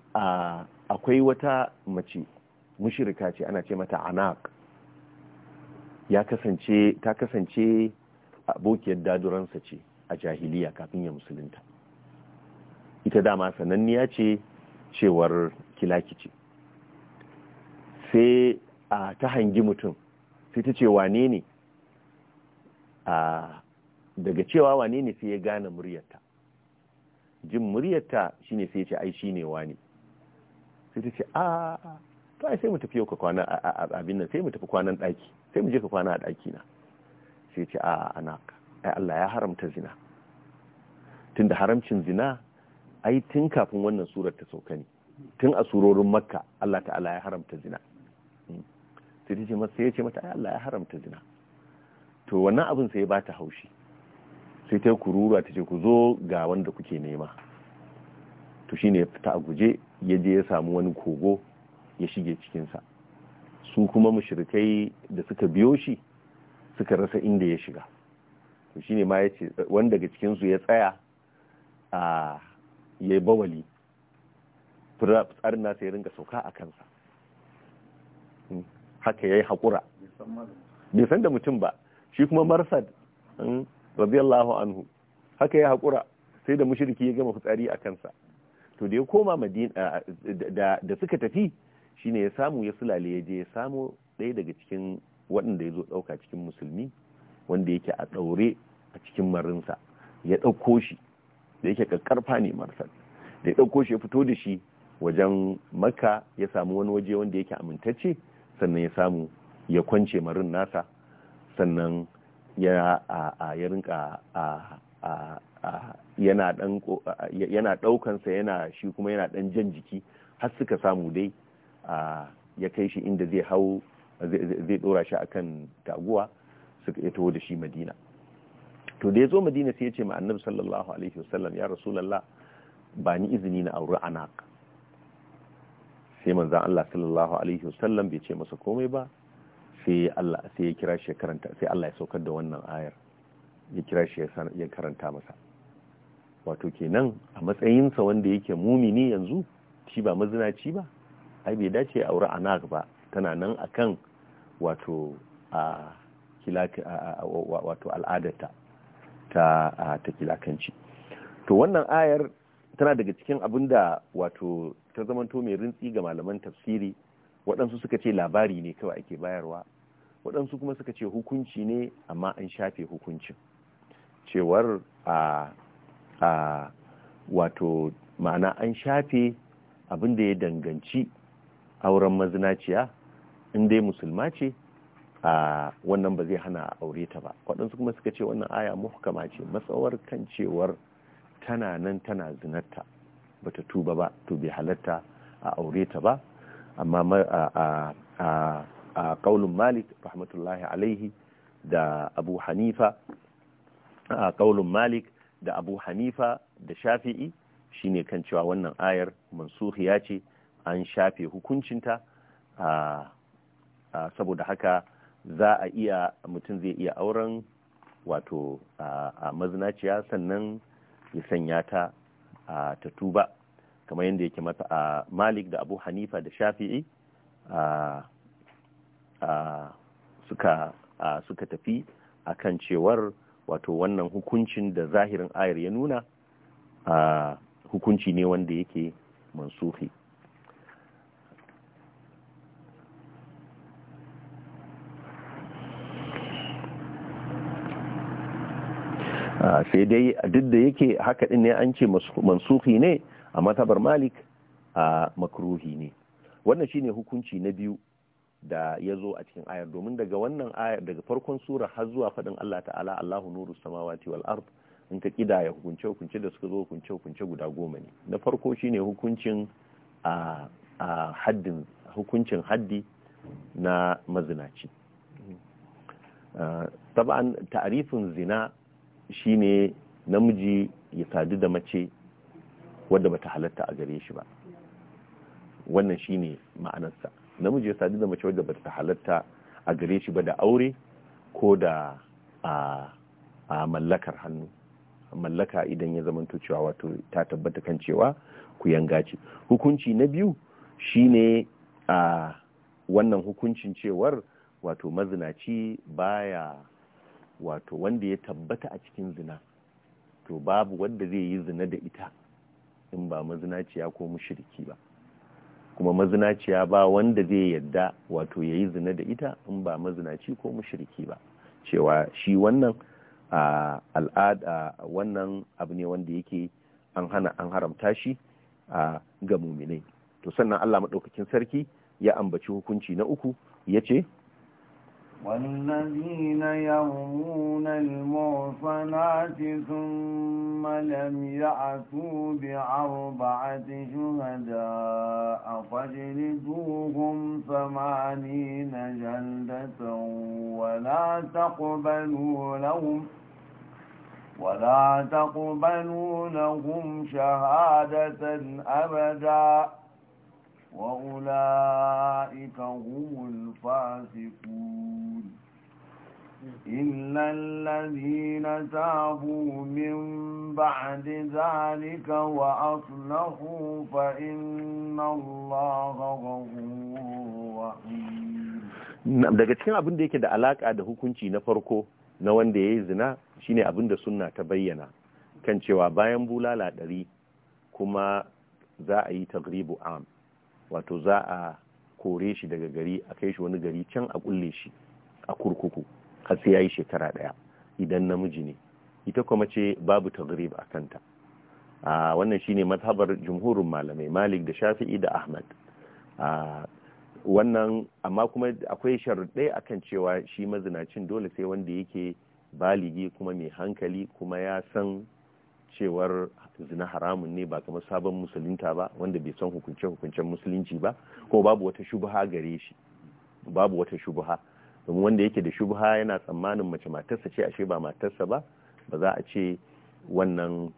akwai wata mace mushirika ce ana ce mata anak ya kasance ta kasance abokiyar daduransa ce a jahiliya kafin ya musulunta ita dama sananniya ce cewar kilaki ce sai ta hangi mutum sai ta ce wane ne a daga cewa wane ne sai ya gane muryarta jin muryarta shine sai ya ce ai shine wani sai ta ce a to ai sai mu tafi yau ka kwana abin nan sai mu tafi kwanan daki sai mu je ka kwana a daki na sai ce a ana ai Allah ya haramta zina tunda haramcin zina ai tun kafin wannan surar ta sauka ne tun a surorin makka Allah ta'ala ya haramta zina hmm. sai ta ce mata sai ya ce mata ai Allah ya haramta zina to wannan abin sai ba ta haushi sai ta kurura ta ce ku zo ga wanda kuke nema to shi ya fita a guje ya je ya samu wani kogo ya shige cikinsa su kuma mushirikai da suka biyo shi suka rasa inda ya shiga to shi ne ma ya ce wanda daga cikinsu ya tsaya a ya yi bawali tsarin nasa ya ringa sauka a kansa hmm. haka ya yi haƙura bai san da mutum ba shi kuma marsad hmm, radiyallahu anhu haka ya hakura sai da mushriki ya gama fitsari a kansa to da ya koma madina da suka tafi shine ya samu ya sulale ya je ya samu ɗaya daga cikin waɗanda ya zo ɗauka cikin musulmi wanda yake a ɗaure a cikin marinsa ya ɗauko shi da yake ƙarƙarfa ne marsad da ya ɗauko shi ya fito da shi wajen makka ya samu wani waje wanda yake amintacce sannan ya samu ya kwance marin nasa sannan ya rinka yana dan yana yana shi kuma yana ɗan jan jiki har suka samu dai ya kai shi inda zai hau zai dora shi akan taguwa suka taho da shi madina to da ya zo madina sai ya ce ma annabi sallallahu alaihi wasallam ya rasulallah ba ni izini na auri anak sai manzan Allah sallallahu alaihi wasallam bai ce masa komai ba sai Allah ya kira shi karanta sai Allah ya saukar da wannan ayar ya kira shi ya karanta masa wato kenan a matsayinsa wanda yake mumini yanzu shi ba mazinaci ba ai bai dace ya wuri anak ba tana nan akan wato a kilaka wato al'adarta ta ta kilakanci to wannan ayar tana daga cikin abin da wato ta zamanto mai rintsi ga malaman tafsiri waɗansu suka ce labari ne kawai ake bayarwa waɗansu kuma suka ce hukunci ne amma an shafe hukuncin cewar a a wato ma'ana an shafe abin da ya danganci auren mazinaciya in dai musulma ce a wannan ba zai hana aure ta ba waɗansu kuma suka ce wannan aya muhkama ce matsawar kan cewar tana nan tana zinarta bata tuba ba to bai halatta a aure ta ba amma a a malik rahmatullahi alaihi da abu hanifa a kaulin malik da abu hanifa da shafi'i shine kan cewa wannan ayar mansuhiya ce an shafe hukuncinta saboda haka za a iya mutum zai iya auren wato a mazinaciya sannan ya sanya ta a tatuba kamar yadda yake mata a malik da abu hanifa da shafi'i suka suka tafi kan cewar wato wannan hukuncin da zahirin ayar ya nuna hukunci ne wanda yake mansufi sai dai duk da yake haka din ne an ce mansuhi ne a matabar malik a makruhi ne wannan shine hukunci na biyu da ya zo a cikin ayar domin daga wannan ayar daga farkon sura har zuwa faɗin Allah ta'ala Allahu nuru samawati wal ard in ka ya hukunce hukunce da suka zo hukunce hukunce guda goma ne na farko shine hukuncin a haddin hukuncin haddi na mazinaci taban ta'arifin zina shine namiji ya sadu da mace wadda bata halatta a gare shi ba wannan shine ma'anarsa namiji ya sadu da mace wadda ba ta halatta a gare shi ba da aure ko da a mallakar hannu mallaka idan ya zamanto cewa wato ta tabbata kan cewa ku yanga ce hukunci na biyu shine a wannan hukuncin cewar wato mazinaci baya wato wanda ya tabbata a cikin zina to babu wanda zai yi zina da ita in ba mazinaciya ko shirki ba kuma mazinaciya ba wanda zai yadda wato ya yi zina da ita in ba mazinaci ko mushriki ba cewa shi wannan al'ada wannan abu ne wanda yake an hana an haramta shi ga muminai to sannan Allah maɗaukakin sarki ya ambaci hukunci na uku ya ce والذين يرمون المعصنات ثم لم يعتوا بأربعة شهداء فاجلدوهم ثمانين جلدة ولا تقبلوا لهم ولا تقبلوا لهم شهادة أبدا وأولئك هم الفاسقون إلا الذين تابوا من بعد ذلك وأصلحوا فإن الله غفور رحيم daga cikin abin da yake da alaka da hukunci na farko na wanda ya yi zina shine abin da sunna ta bayyana kan cewa bayan bulala ɗari kuma za a yi tagribu am wato za a kore shi daga gari a kai shi wani gari can a kulle shi a kurkuku har sai yi shekara ɗaya idan namiji ne ita kuma ce babu taghrib a kanta a wannan shine mazhabar jumhurin malamai malik da shafi'i da ahmad a wannan amma kuma akwai sharuɗai akan cewa shi mazinacin dole sai wanda yake baligi kuma mai hankali kuma ya san cewar zina haramun ne ba kamar sabon musulunta ba wanda bai san hukunce-hukuncen musulunci ba ko babu wata shubuha gare shi babu wata shubuha domin wanda yake da shubha yana tsammanin mace matarsa ce ashe ba matarsa ba ba za a ce wannan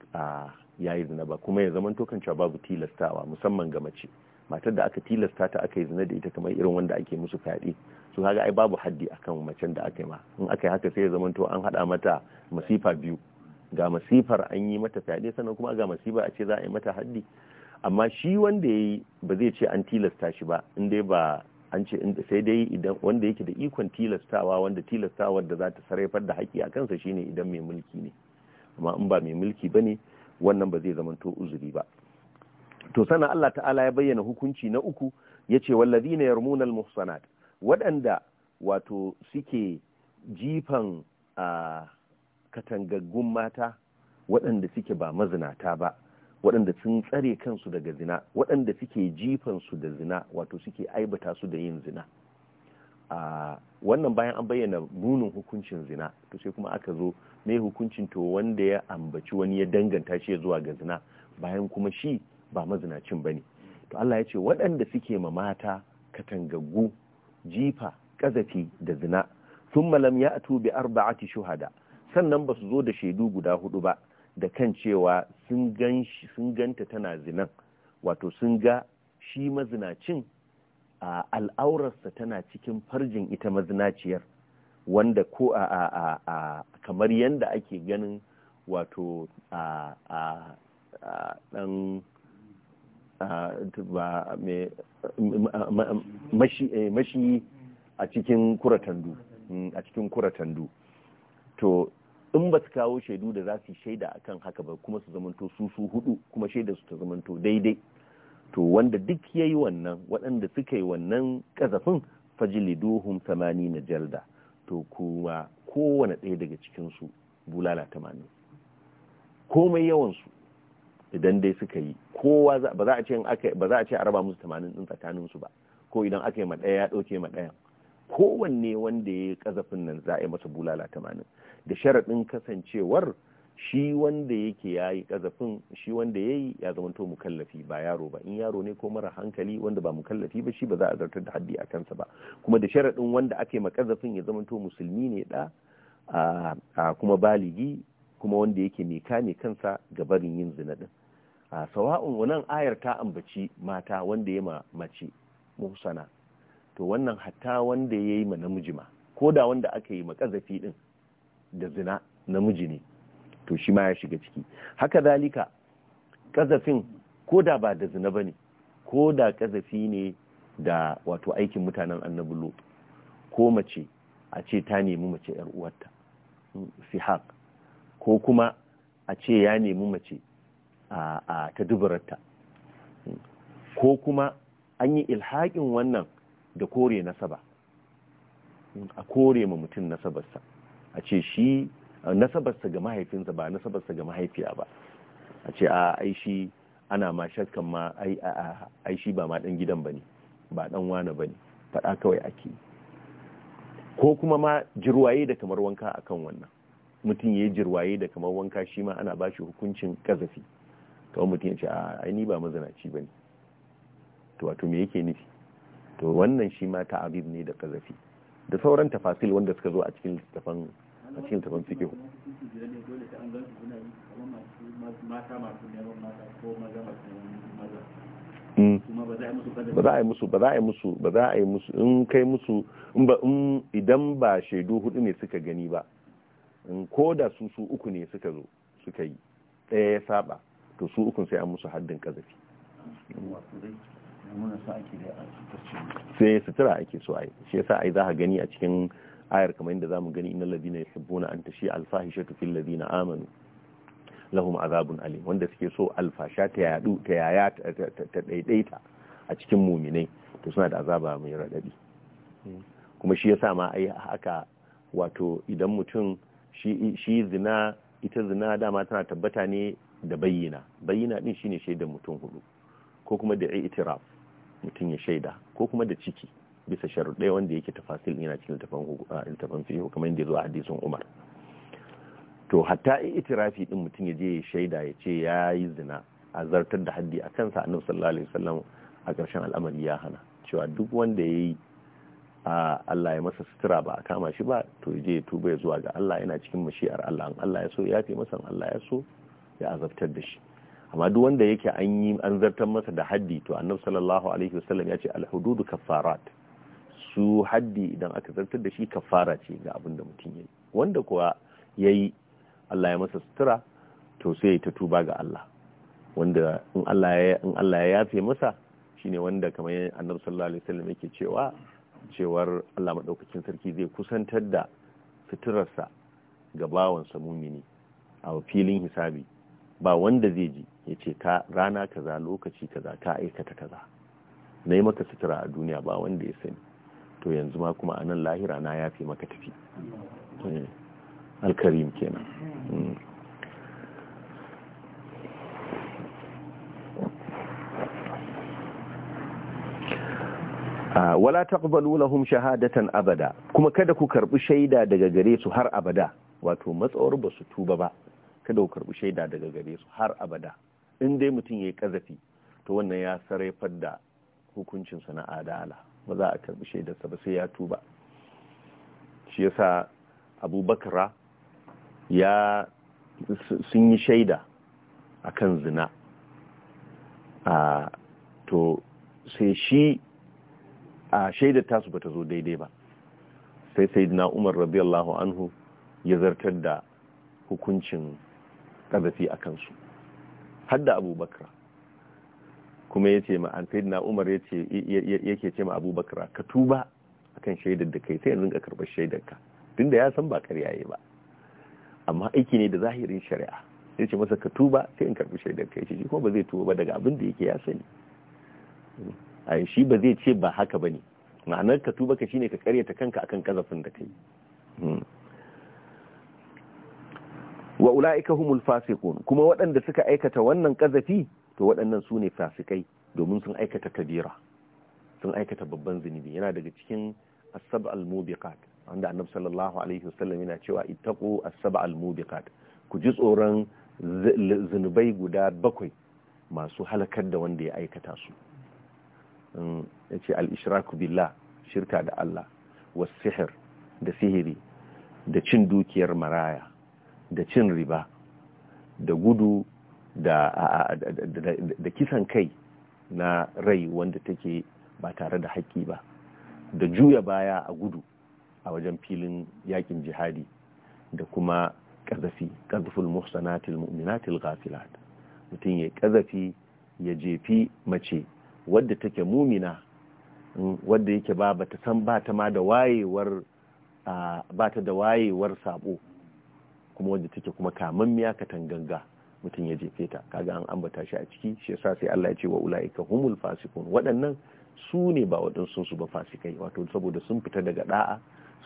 ya yi zina ba kuma ya zama tokan cewa babu tilastawa musamman ga mace matar da aka tilasta ta aka yi zina da ita kamar irin wanda ake musu fyaɗe su kaga ai babu haddi akan macen da aka yi ma in aka yi haka sai ya zama to an haɗa mata masifa biyu ga masifar an yi mata fyaɗe sannan kuma ga masifa a ce za a yi mata haddi amma shi wanda ya yi ba zai ce an tilasta shi ba in dai ba an ce sai dai idan wanda yake da ikon tilastawa wanda tilastawa da za ta sarrafar da haƙƙi a kansa shine idan mai mulki ne amma in ba mai mulki ba ne wannan ba zai zamanto uzuri ba to sana Allah ta'ala ya bayyana hukunci na uku yace wallazina yarmunal muhsanat waɗanda wato suke jifan a ah, katangaggun mata waɗanda suke ba mazinata ba waɗanda sun tsare kansu daga zina waɗanda suke jifansu da zina wato suke aibata su da yin zina a wannan bayan an bayyana nunin hukuncin zina to sai kuma aka zo mai hukuncin to wanda ya ambaci wani ya danganta shi zuwa ga zina bayan kuma shi ba mazinacin ne. to Allah ya ce waɗanda suke ma mata katangaggu jifa ƙazafi da zina sun malam ya atu bi arba'ati shuhada sannan ba su zo da shaidu guda hudu ba da kan cewa sun ganta tana zinan wato sun ga shi mazinacin a al'aurarsa tana cikin farjin ita mazinaciyar wanda ko a, kamar yadda ake ganin wato a, dan mashi eh, cikin kuratandu mm, a cikin kuratandu to in ba su kawo shaidu da za su shaida a kan haka ba kuma su zamanto su su hudu kuma shaida su ta zamanto daidai to wanda duk ya yi wannan waɗanda suka yi wannan ƙazafin fajiliduhum samani na jalda to kuma kowane ɗaya daga cikinsu bulala tamanin komai yawansu idan dai suka yi kowa ba za a ce a raba musu tamanin ɗin tsakaninsu ba ko idan aka yi ma ɗaya ya ɗauke ma ɗayan kowanne wanda ya yi kazafin nan za a yi masa bulala tamanin da sharaɗin kasancewar shi wanda yake ya yi kazafin shi wanda ya yi ya zamanto mukallafi ba yaro ba in yaro ne ko mara hankali wanda ba mukallafi ba shi ba za a zartar da haddi a kansa ba kuma da sharaɗin wanda ake ma kazafin ya zamanto musulmi ne da a kuma baligi kuma wanda yake mai kame kansa ga barin yin zina din a sawa'un wannan ayar ta ambaci mata wanda ya ma mace muhsana to wannan hatta wanda ya yi ma namiji ma ko da wanda aka yi ma kazafi din da zina namiji ne to shi ma ya shiga ciki haka zalika kazafin ko da ba da zina ba ne ko da kazafi ne da wato aikin mutanen annabi lot ko mace a ce ta nemi mace yar uwarta hmm, sihaq ko kuma a ce ya nemi mace a ta duburarta hmm, ko kuma an yi ilhaƙin wannan da kore nasaba a kore ma mutum nasabarsa a ce shi nasabarsa ga mahaifinsa ba nasabarsa ga mahaifiya ba a ce a aishi ana ma shakkan ma aishi ba ma dan gidan bane ba dan wane bane faɗa kawai ake ko kuma ma jirwaye da kamar wanka a kan wannan mutum ya yi jirwaye da kamar wanka shi ma ana ba shi hukuncin kazafi kawai mutum ya ce a ni ba mazanaci ba ne to wato me yake nufi to wannan shi ma ta'abib ne da kazafi da sauran tafasil wanda suka zo a cikin littafin a cikin littafin fiqh mm. ba za a yi musu ba za a yi musu ba za a yi musu in kai musu in idan ba shaidu hudu ne suka gani ba in ko da su su uku ne suka zo suka yi ɗaya ya saba to su ukun sai an musu haddin kazafi sai sutura ake so ai shi yasa ai za gani a cikin ayar kamar yadda zamu gani innal ladina yuhibbuna an tashi alfahishatu fil ladina amanu lahum azabun alim wanda suke so alfasha ta yadu ta yaya ta daidaita a cikin muminai to suna da azaba mai radadi hmm. kuma shi yasa ma ai haka wato idan mutum shi shi zina ita zina dama tana tabbata ne da bayyana bayyana din shine shaidar mutum hudu ko kuma da itiraf mutum ya shaida ko kuma da ciki bisa sharuɗai wanda yake tafasil yana cikin littafin fiye kuma yadda zuwa hadisin umar to hatta itirafi din mutum ya je ya shaida ya ce ya yi zina a zartar da haddi a kansa a sallallahu alaihi wasallam a ƙarshen al'amari ya hana cewa duk wanda ya yi Allah ya masa sutura ba a kama shi ba to ya je ya tuba ya zuwa ga Allah yana cikin mashi'ar Allah Allah ya so ya fi masa Allah ya so ya azabtar da shi amma duk wanda yake an yi an zartar masa da haddi to annabi sallallahu alaihi wasallam ya ce alhududu kaffarat su haddi idan aka zartar da shi kaffara ce ga abinda mutum yayi wanda kuwa yayi Allah ya masa sutura to sai ta tuba ga Allah wanda in Allah ya in Allah ya yafe masa shine wanda kamar annabi sallallahu alaihi wasallam yake cewa cewar Allah madaukakin sarki zai kusantar da suturarsa ga bawansa mumini a filin hisabi ba wanda zai ji ya ce ka rana kaza lokaci kaza ka aikata kaza na yi maka sutura a duniya ba wanda ya sani to yanzu ma kuma anan lahira na ya fi maka tafi eh, alkarim kenan mm. ah, wala taqbalu lahum shahadatan abada kuma kada ku karbi shaida daga gare su har abada wato matsawar ba su tuba ba kada ku karɓi shaida daga gare su har abada in dai mutum ya yi ƙazafi to wannan ya sarrafar da hukuncinsa na adala ba za a karɓi shaidarsa ba sai ya tuba shi yasa abubakar ya sun yi shaida a kan zina a to sai shi a shaidar tasu ba ta zo daidai ba sai sai na umar radiyallahu anhu ya zartar da hukuncin ƙazafi a kansu hadda abubakar kuma ya ce ma'an sai na umar yake ce ma abubakar ka tuba akan shaidar da kai sai yanzu ka karbar shaidar ka tun da ya san ba karya yi ba amma aiki ne da zahirin shari'a ya ce masa ka tuba sai in karɓi shaidar ka ya ce shi kuma ba zai tuba ba daga abin da yake ya sani a shi ba zai ce ba haka ba ne ma'anar ka tuba ka shine ka karyata kanka akan kazafin da kai wa ula'ika humul fasiqun kuma waɗanda suka aikata wannan kazafi to waɗannan su ne fasikai domin sun aikata kabira sun aikata babban zunubi yana daga cikin asab al-mubiqat wanda annabi sallallahu alaihi wasallam yana cewa ittaqu asab al-mubiqat ku ji tsoron zunubai guda bakwai masu halakar da wanda ya aikata su mm, yace al-ishraku billah shirka da Allah was sihir da sihiri da cin dukiyar maraya da cin riba da gudu da kisan kai na rai wanda take ba tare da haƙƙi ba da juya baya a gudu a wajen filin yakin jihadi da kuma ƙazafi ƙazafin muhsanatil mu'minatil ghafilat mutum ya ƙazafi ya jefi mace wadda take mumina mm, wadda yake ba ta san ba ta ma da wayewar ba ta da wayewar sabo kuma wanda take kuma kamammiya katanganga mutum ya jefe ta kaga an ambata shi a ciki shi yasa sai Allah ya ce wa ulaika humul fasikun waɗannan su ne ba waɗansu su ba fasikai wato saboda sun fita daga da'a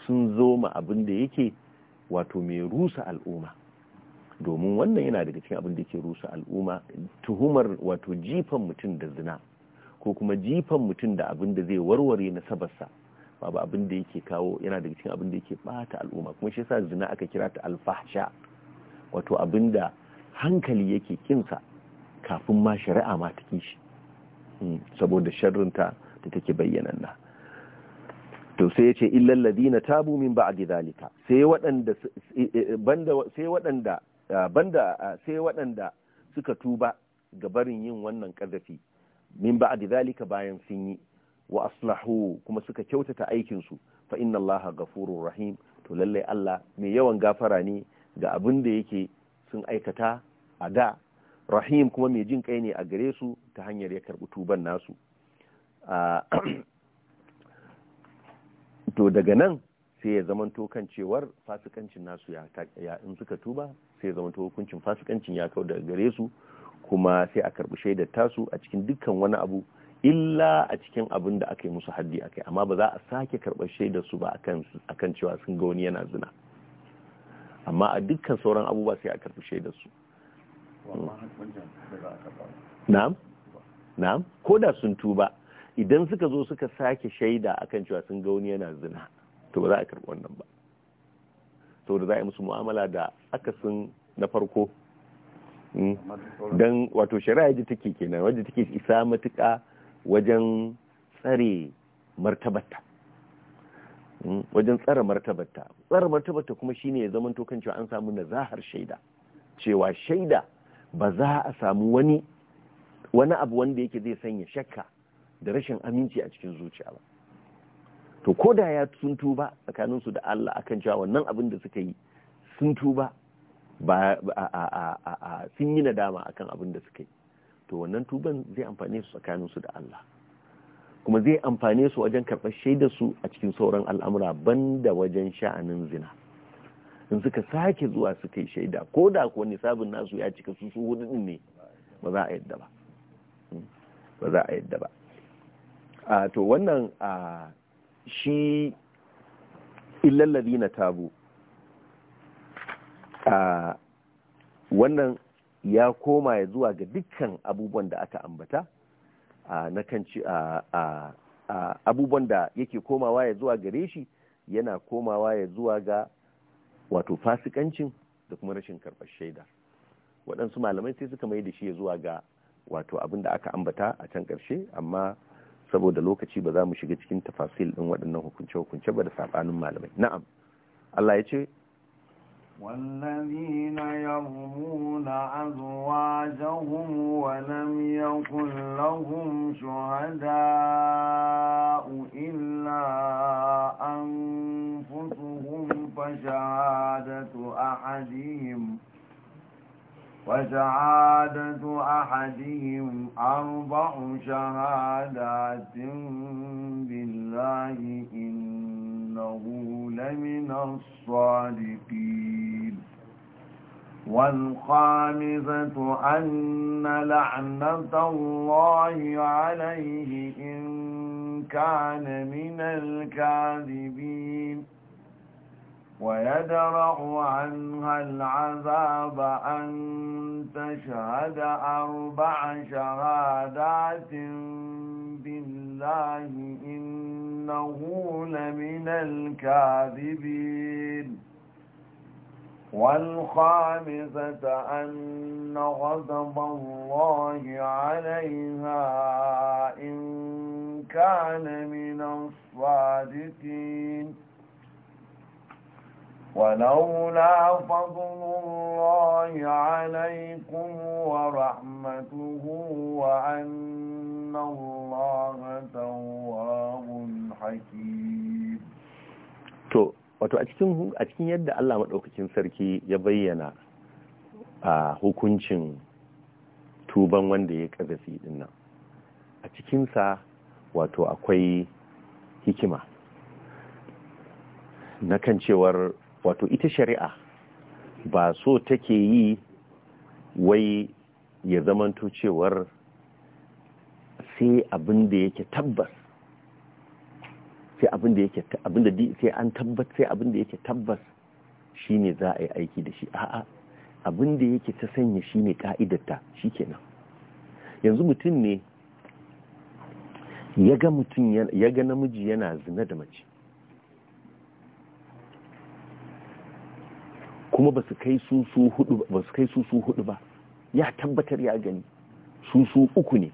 sun zo ma abin da yake wato mai rusa al'umma domin wannan yana daga cikin abin da yake rusa al'umma tuhumar wato jifan mutum da zina ko kuma jifan mutum da abin da zai warware nasabarsa babu abin da yake kawo yana daga cikin abin da yake bata al'umma kuma shi yasa zina aka kira ta alfahsha wato abin da hankali yake kinsa kafin ma shari'a ma ta kishi hmm, saboda sharrinta da take na to sai yace illal ladina tabu min ba'di zalika sai waɗanda eh, eh, eh, banda sai waɗanda ah, banda ah, sai waɗanda suka tuba ga barin yin wannan kadafi min ba'di zalika bayan sun yi wa aslahu kuma suka kyautata aikinsu fa inna allaha ghafurur rahim to lallai Allah mai yawan gafara ne ga abin da yake sun aikata a da rahim kuma mai jin kai ne a gare su ta hanyar ya karɓi tuban nasu ah, to daga nan sai ya to kan cewar fasikancin nasu ya in suka tuba sai ya to hukuncin fasikancin ya kau daga gare su kuma sai a karɓi shaidar tasu a cikin dukkan wani abu illa a cikin abin da aka yi musu haddi akai amma ba za a sake karɓar shaidar su ba a kan cewa sun ga wani yana zina amma a dukkan sauran abubuwa sai a karɓi shaidar su na'am na'am ko da sun tuba idan suka zo suka sake shaida akan cewa sun ga wani yana zina to ba za a karɓi wannan ba saboda za a yi musu mu'amala da aka sun na farko hmm? don wato shari'a ji take kenan wadda take isa matuƙa wajen tsare martabarta hmm, wajen tsare martabarta tsare martabarta kuma shine ya zamanto kan cewa an samu nazahar shaida cewa shaida ba za a samu wani wani abu wanda yake zai sanya shakka da rashin aminci a cikin zuciya ba to ko da ya sun tuba tsakanin su da Allah akan cewa wannan abin da suka yi sun tuba ba a sun yi nadama akan abin da suka yi to wannan tuban zai amfane su tsakanin su da Allah kuma zai amfane su wajen karɓar shaidar su a cikin sauran al'amura banda wajen sha'anin zina in suka sake zuwa suka yi shaida ko da ko nisabin nasu ya cika su su hudu din ne ba za a yadda ba hmm, ba za a yadda ba a to wannan a shi illallazi na tabu a wannan ya koma ya zuwa ga dukkan abubuwan da aka ambata na kan abubuwan da yake komawa ya zuwa gare shi yana komawa ya zuwa ga wato fasikancin da kuma rashin karɓar shaida waɗansu malamai sai suka mai da shi ya zuwa ga wato abin da aka ambata a can ƙarshe amma saboda lokaci ba za mu shiga cikin tafasil ɗin waɗannan hukunce-hukunce ba da saɓanin malamai na'am Allah ya ce والذين يرمون أزواجهم ولم يكن لهم شهداء إلا أنفسهم فشهادة أحدهم وشهادة أحدهم أربع شهادات بالله إن وإنه لمن الصادقين والخامسة أن لعنة الله عليه إن كان من الكاذبين ويدرع عنها العذاب أن تشهد أربع شهادات بالله إن إنه لمن الكاذبين والخامسة أن غضب الله عليها إن كان من الصادقين ولولا فضل الله عليكم ورحمته وأن إن الله تواب حكيم to wato a cikin a cikin yadda Allah madaukakin sarki ya bayyana a hukuncin tuban wanda ya kazasi din nan a cikin sa wato akwai hikima na kan cewar wato ita shari'a ba so take yi wai ya zamanto cewar sai abin da yake tabbas sai an tabbat sai abin da yake tabbas shine za a yi aiki da shi a'a abin da yake ta sanya shine shi shikenan yanzu mutum ne yaga namiji yana zina da mace kuma ba su kai su su hudu ba ya tabbatar ya gani su su uku ne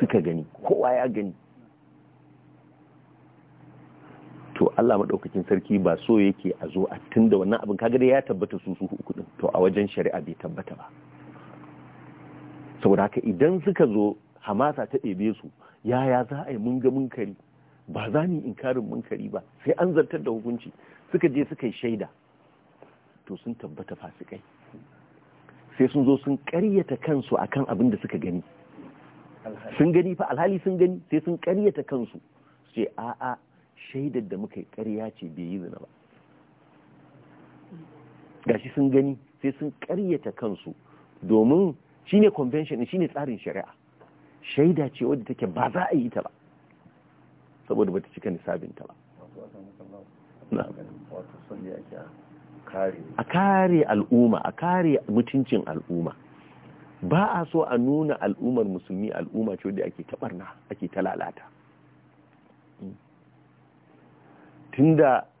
suka gani kowa ya gani to Allah maɗaukakin sarki ba so yake a zo a tun da wannan abin kaga da ya tabbata su su uku din to a wajen shari'a bai tabbata ba saboda haka idan suka zo hamasa ta ɗebe su yaya za a yi mun ga munkari ba za mu inkarin munkari ba sai an zartar da hukunci suka je suka yi shaida to sun tabbata fasikai sai sun zo sun karyata kansu akan abin da suka gani sun gani fa alhali sun gani sai sun karyata kansu su ce a'a shaidar da muka yi karya ce bai yi zina ba ga shi sun gani sai sun karyata kansu domin shine convention shine tsarin shari'a shaida ce wadda take ba za a yi ta ba saboda bata cika nisabin ta ba a kare al'umma a kare mutuncin al'umma ba a so a nuna al'ummar musulmi al'umma ce wadda ake taɓarna ake ta lalata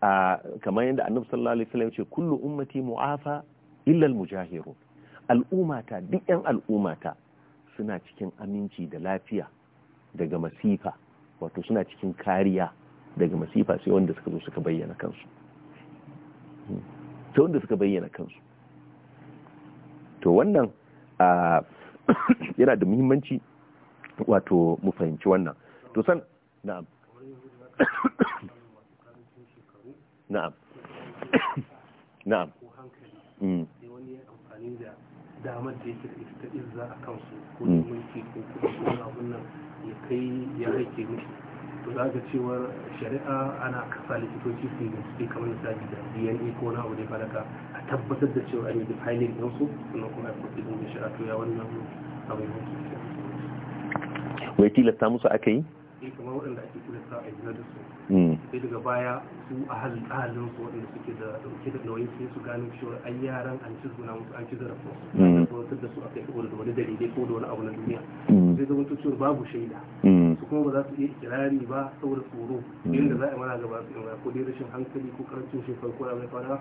a kamar yadda annabi sallallahu alaihi wasallam ce kullu ummati mu'afa illa al-mujahirun al'ummata duk yan al'ummata suna cikin aminci da lafiya daga masifa wato suna cikin kariya daga masifa sai wanda suka zo suka bayyana kansu hmm. sai wanda suka bayyana kansu to wannan yana da muhimmanci wato mu fahimci wannan to san na'am na'am na'am mm. da yake da ita mm. cewar shari'a ana kasa likitoci su kamar misali da dna na abu da falaka tabbatar da cewa an yi duk hailin ɗansu sannan kuma ya kwafi don shi a ya wannan abin yanki wai tilasta musu aka yi? eh kamar waɗanda ake tilasta a yanzu da su hmm. sai daga baya su a halin ahalin su waɗanda suke da ɗauke da nauyin sai su gano cewa an yaran an ci zuna musu an ci zarafi su hmm. da su a kai saboda wani dalilai ko da wani abu na duniya hmm. sai zama to cewa babu shaida su kuma ba za su iya ikirari ba saboda tsoro yadda za a yi mana gaba su ko dai rashin hankali ko karancin shekaru ko da mai fara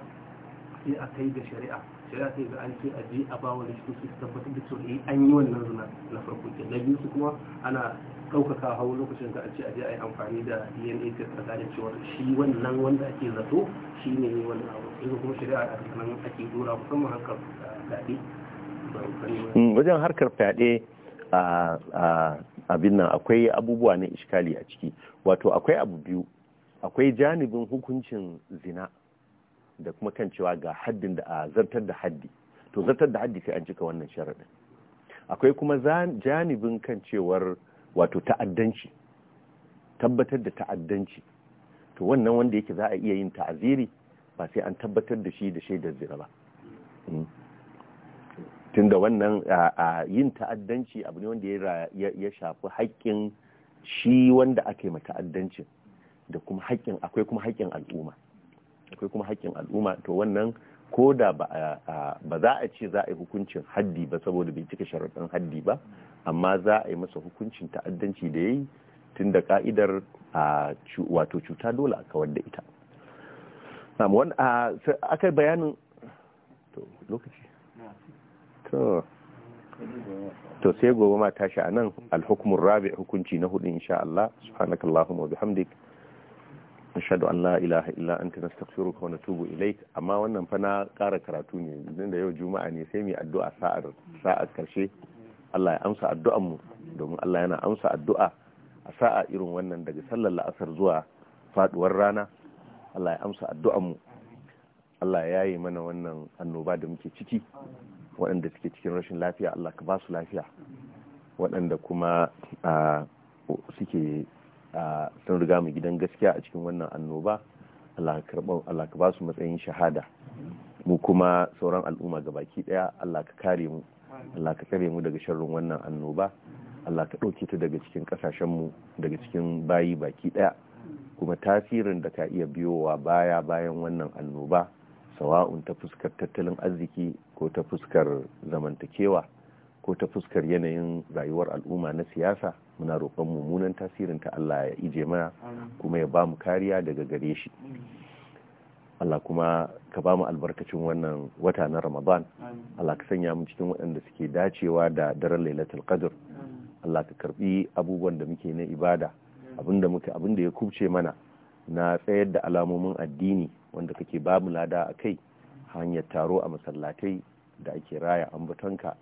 sai a kai ga shari'a shari'a sai ga an ce a je a bawa likitoci su tabbatar da cewa eh, an yi wannan zuna na farko ke na biyu su kuma ana ɗaukaka hau lokacin da a ce a je a yi amfani da dna ta tsakanin gane cewa shi wannan wanda ake zato shi ne wannan abu sai kuma shari'a a nan ake dora musamman harkar ah, fyaɗe mm, wajen harkar fyaɗe a ah, ah, abin nan akwai abubuwa na iskali a ciki wato akwai abu biyu akwai janibin hukuncin zina da kuma kan cewa ga haddin da a zartar da haddi to zartar da haddi sai an cika wannan sharaɗin akwai kuma janibin kan cewar wato ta'addanci tabbatar da ta'addanci to wannan wanda yake za a iya yin ta'aziri ba sai an tabbatar da shi da shaidar zira ba hmm. Tun da wannan yin ta'addanci abu ne wanda ya shafi haƙƙin shi wanda ake ma ta'addancin da kuma haƙƙin akwai kuma haƙƙin al'umma akwai kuma haƙƙin al'umma to wannan ko da ba za a ce za a yi hukuncin haddi ba saboda bai cika sharaɗin haddi ba amma za a yi masa hukuncin ta'addanci da ya yi tun da ka'idar wato cuta dole a kawar da ita aka bayanin to lokaci to sai gobe ma tashi a nan alhukumin rabi hukunci na hudu insha Allah subhanakallahumma bihamdik nashadu an la ilaha illa anta nastaghfiruka na tubu ilai amma wannan fana na ƙara karatu ne idan da yau juma'a ne sai mu addu'a sa'ar sa'ar karshe Allah ya amsa addu'an mu domin Allah yana amsa addu'a a sa'a irin wannan daga sallar la'asar zuwa faduwar rana Allah ya amsa addu'an mu Allah ya yi mana wannan annoba da muke ciki waɗanda suke cikin rashin lafiya Allah ka ba su lafiya waɗanda kuma ah, suke sun riga mu gidan gaskiya a cikin wannan annoba Allah ka ba su matsayin shahada mu kuma sauran al'umma ga baki daya Allah ka kare mu Allah ka tsare mu daga sharrin wannan annoba Allah ka ɗauke ta daga cikin mu daga cikin bayi baki daya kuma tasirin da ka iya biyowa baya bayan wannan annoba sawa'un ta fuskar tattalin arziki ko ta fuskar zamantakewa ko ta fuskar yanayin rayuwar al'umma na siyasa muna roƙon mummunan tasirin ta Allah ya ije mana kuma ya bamu kariya daga gare shi Allah kuma ka ba mu albarkacin wannan wata na Ramadan Allah ka sanya mu cikin waɗanda suke dacewa da daren Lailatul Qadr Allah ka karbi abubuwan da muke na ibada abinda muke abinda ya kubce mana na tsayar da alamomin addini wanda kake ba mu lada a kai hanyar taro a masallatai da ake raya ambatonka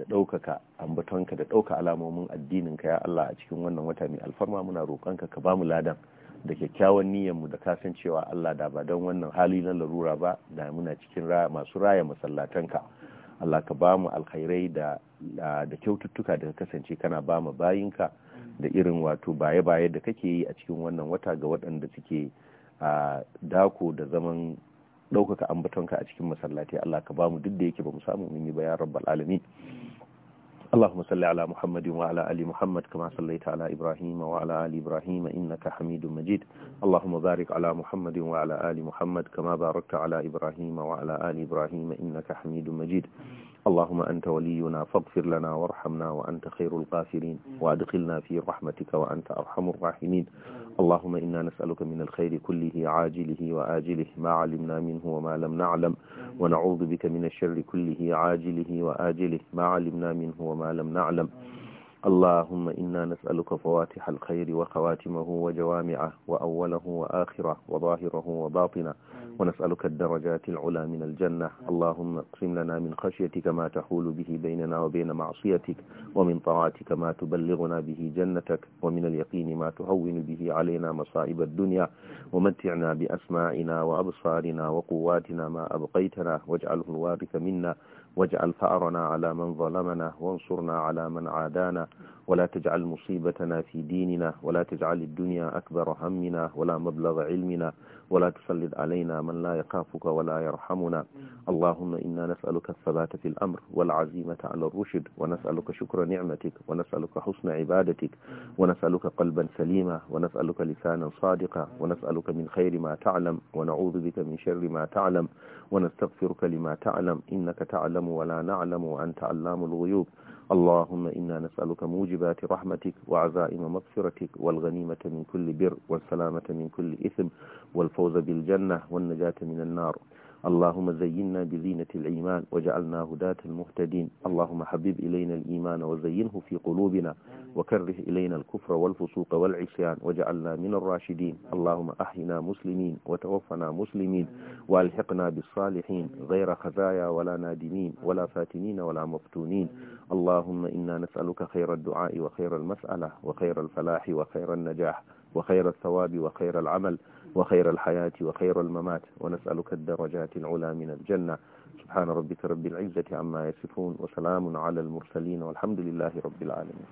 da ɗaukaka ambatonka da ɗauka alamomin addininka ya Allah a cikin wannan wata mai alfarma muna roƙonka ka ba mu ladan da kyakkyawan niyyarmu da cewa Allah da ba don wannan hali na larura ba da muna cikin masu raya masallatanka Allah ka ba mu alkhairai da da kyaututtuka da ka kasance kana ba mu bayinka da irin wato baye-baye da kake yi a cikin wannan wata ga waɗanda suke dako da zaman ɗaukaka ambatonka a cikin masallati Allah ka bamu duk da yake ba mu samu mun yi bayan rabbal alamin Allahumma salli ala Muhammadin wa ala ali Muhammad kama sallaita ala ibrahima wa ala ali Ibrahim innaka Hamidum Majid Allahumma barik ala Muhammadin wa ala ali Muhammad kama barakta ala ibrahima wa ala ali Ibrahim innaka Hamidum Majid mm -hmm. اللهم أنت ولينا فاغفر لنا وارحمنا وأنت خير الغافرين وأدخلنا في رحمتك وأنت أرحم الراحمين اللهم إنا نسألك من الخير كله عاجله وآجله ما علمنا منه وما لم نعلم ونعوذ بك من الشر كله عاجله وآجله ما علمنا منه وما لم نعلم اللهم إنا نسألك فواتح الخير وخواتمه وجوامعه وأوله وآخره وظاهره وباطنه ونسألك الدرجات العلى من الجنة اللهم اقسم لنا من خشيتك ما تحول به بيننا وبين معصيتك ومن طاعتك ما تبلغنا به جنتك ومن اليقين ما تهون به علينا مصائب الدنيا ومتعنا بأسماعنا وأبصارنا وقواتنا ما أبقيتنا واجعله الوارث منا واجعل ثأرنا على من ظلمنا وانصرنا على من عادانا ولا تجعل مصيبتنا في ديننا ولا تجعل الدنيا أكبر همنا ولا مبلغ علمنا ولا تسلط علينا من لا يخافك ولا يرحمنا اللهم إنا نسألك الثبات في الأمر والعزيمة على الرشد ونسألك شكر نعمتك ونسألك حسن عبادتك ونسألك قلبا سليما ونسألك لسانا صادقا ونسألك من خير ما تعلم ونعوذ بك من شر ما تعلم ونستغفرك لما تعلم إنك تعلم ولا نعلم وأنت علام الغيوب اللهم إنا نسألك موجبات رحمتك وعزائم مغفرتك والغنيمة من كل بر والسلامة من كل إثم والفوز بالجنة والنجاة من النار اللهم زينا بزينة الإيمان وجعلنا هداة المهتدين اللهم حبب إلينا الإيمان وزينه في قلوبنا وكره إلينا الكفر والفسوق والعصيان وجعلنا من الراشدين اللهم أحينا مسلمين وتوفنا مسلمين والحقنا بالصالحين غير خزايا ولا نادمين ولا فاتنين ولا مفتونين اللهم إنا نسألك خير الدعاء وخير المسألة وخير الفلاح وخير النجاح وخير الثواب وخير العمل وخير الحياة وخير الممات ونسألك الدرجات العلا من الجنة سبحان ربك رب العزة عما يصفون وسلام على المرسلين والحمد لله رب العالمين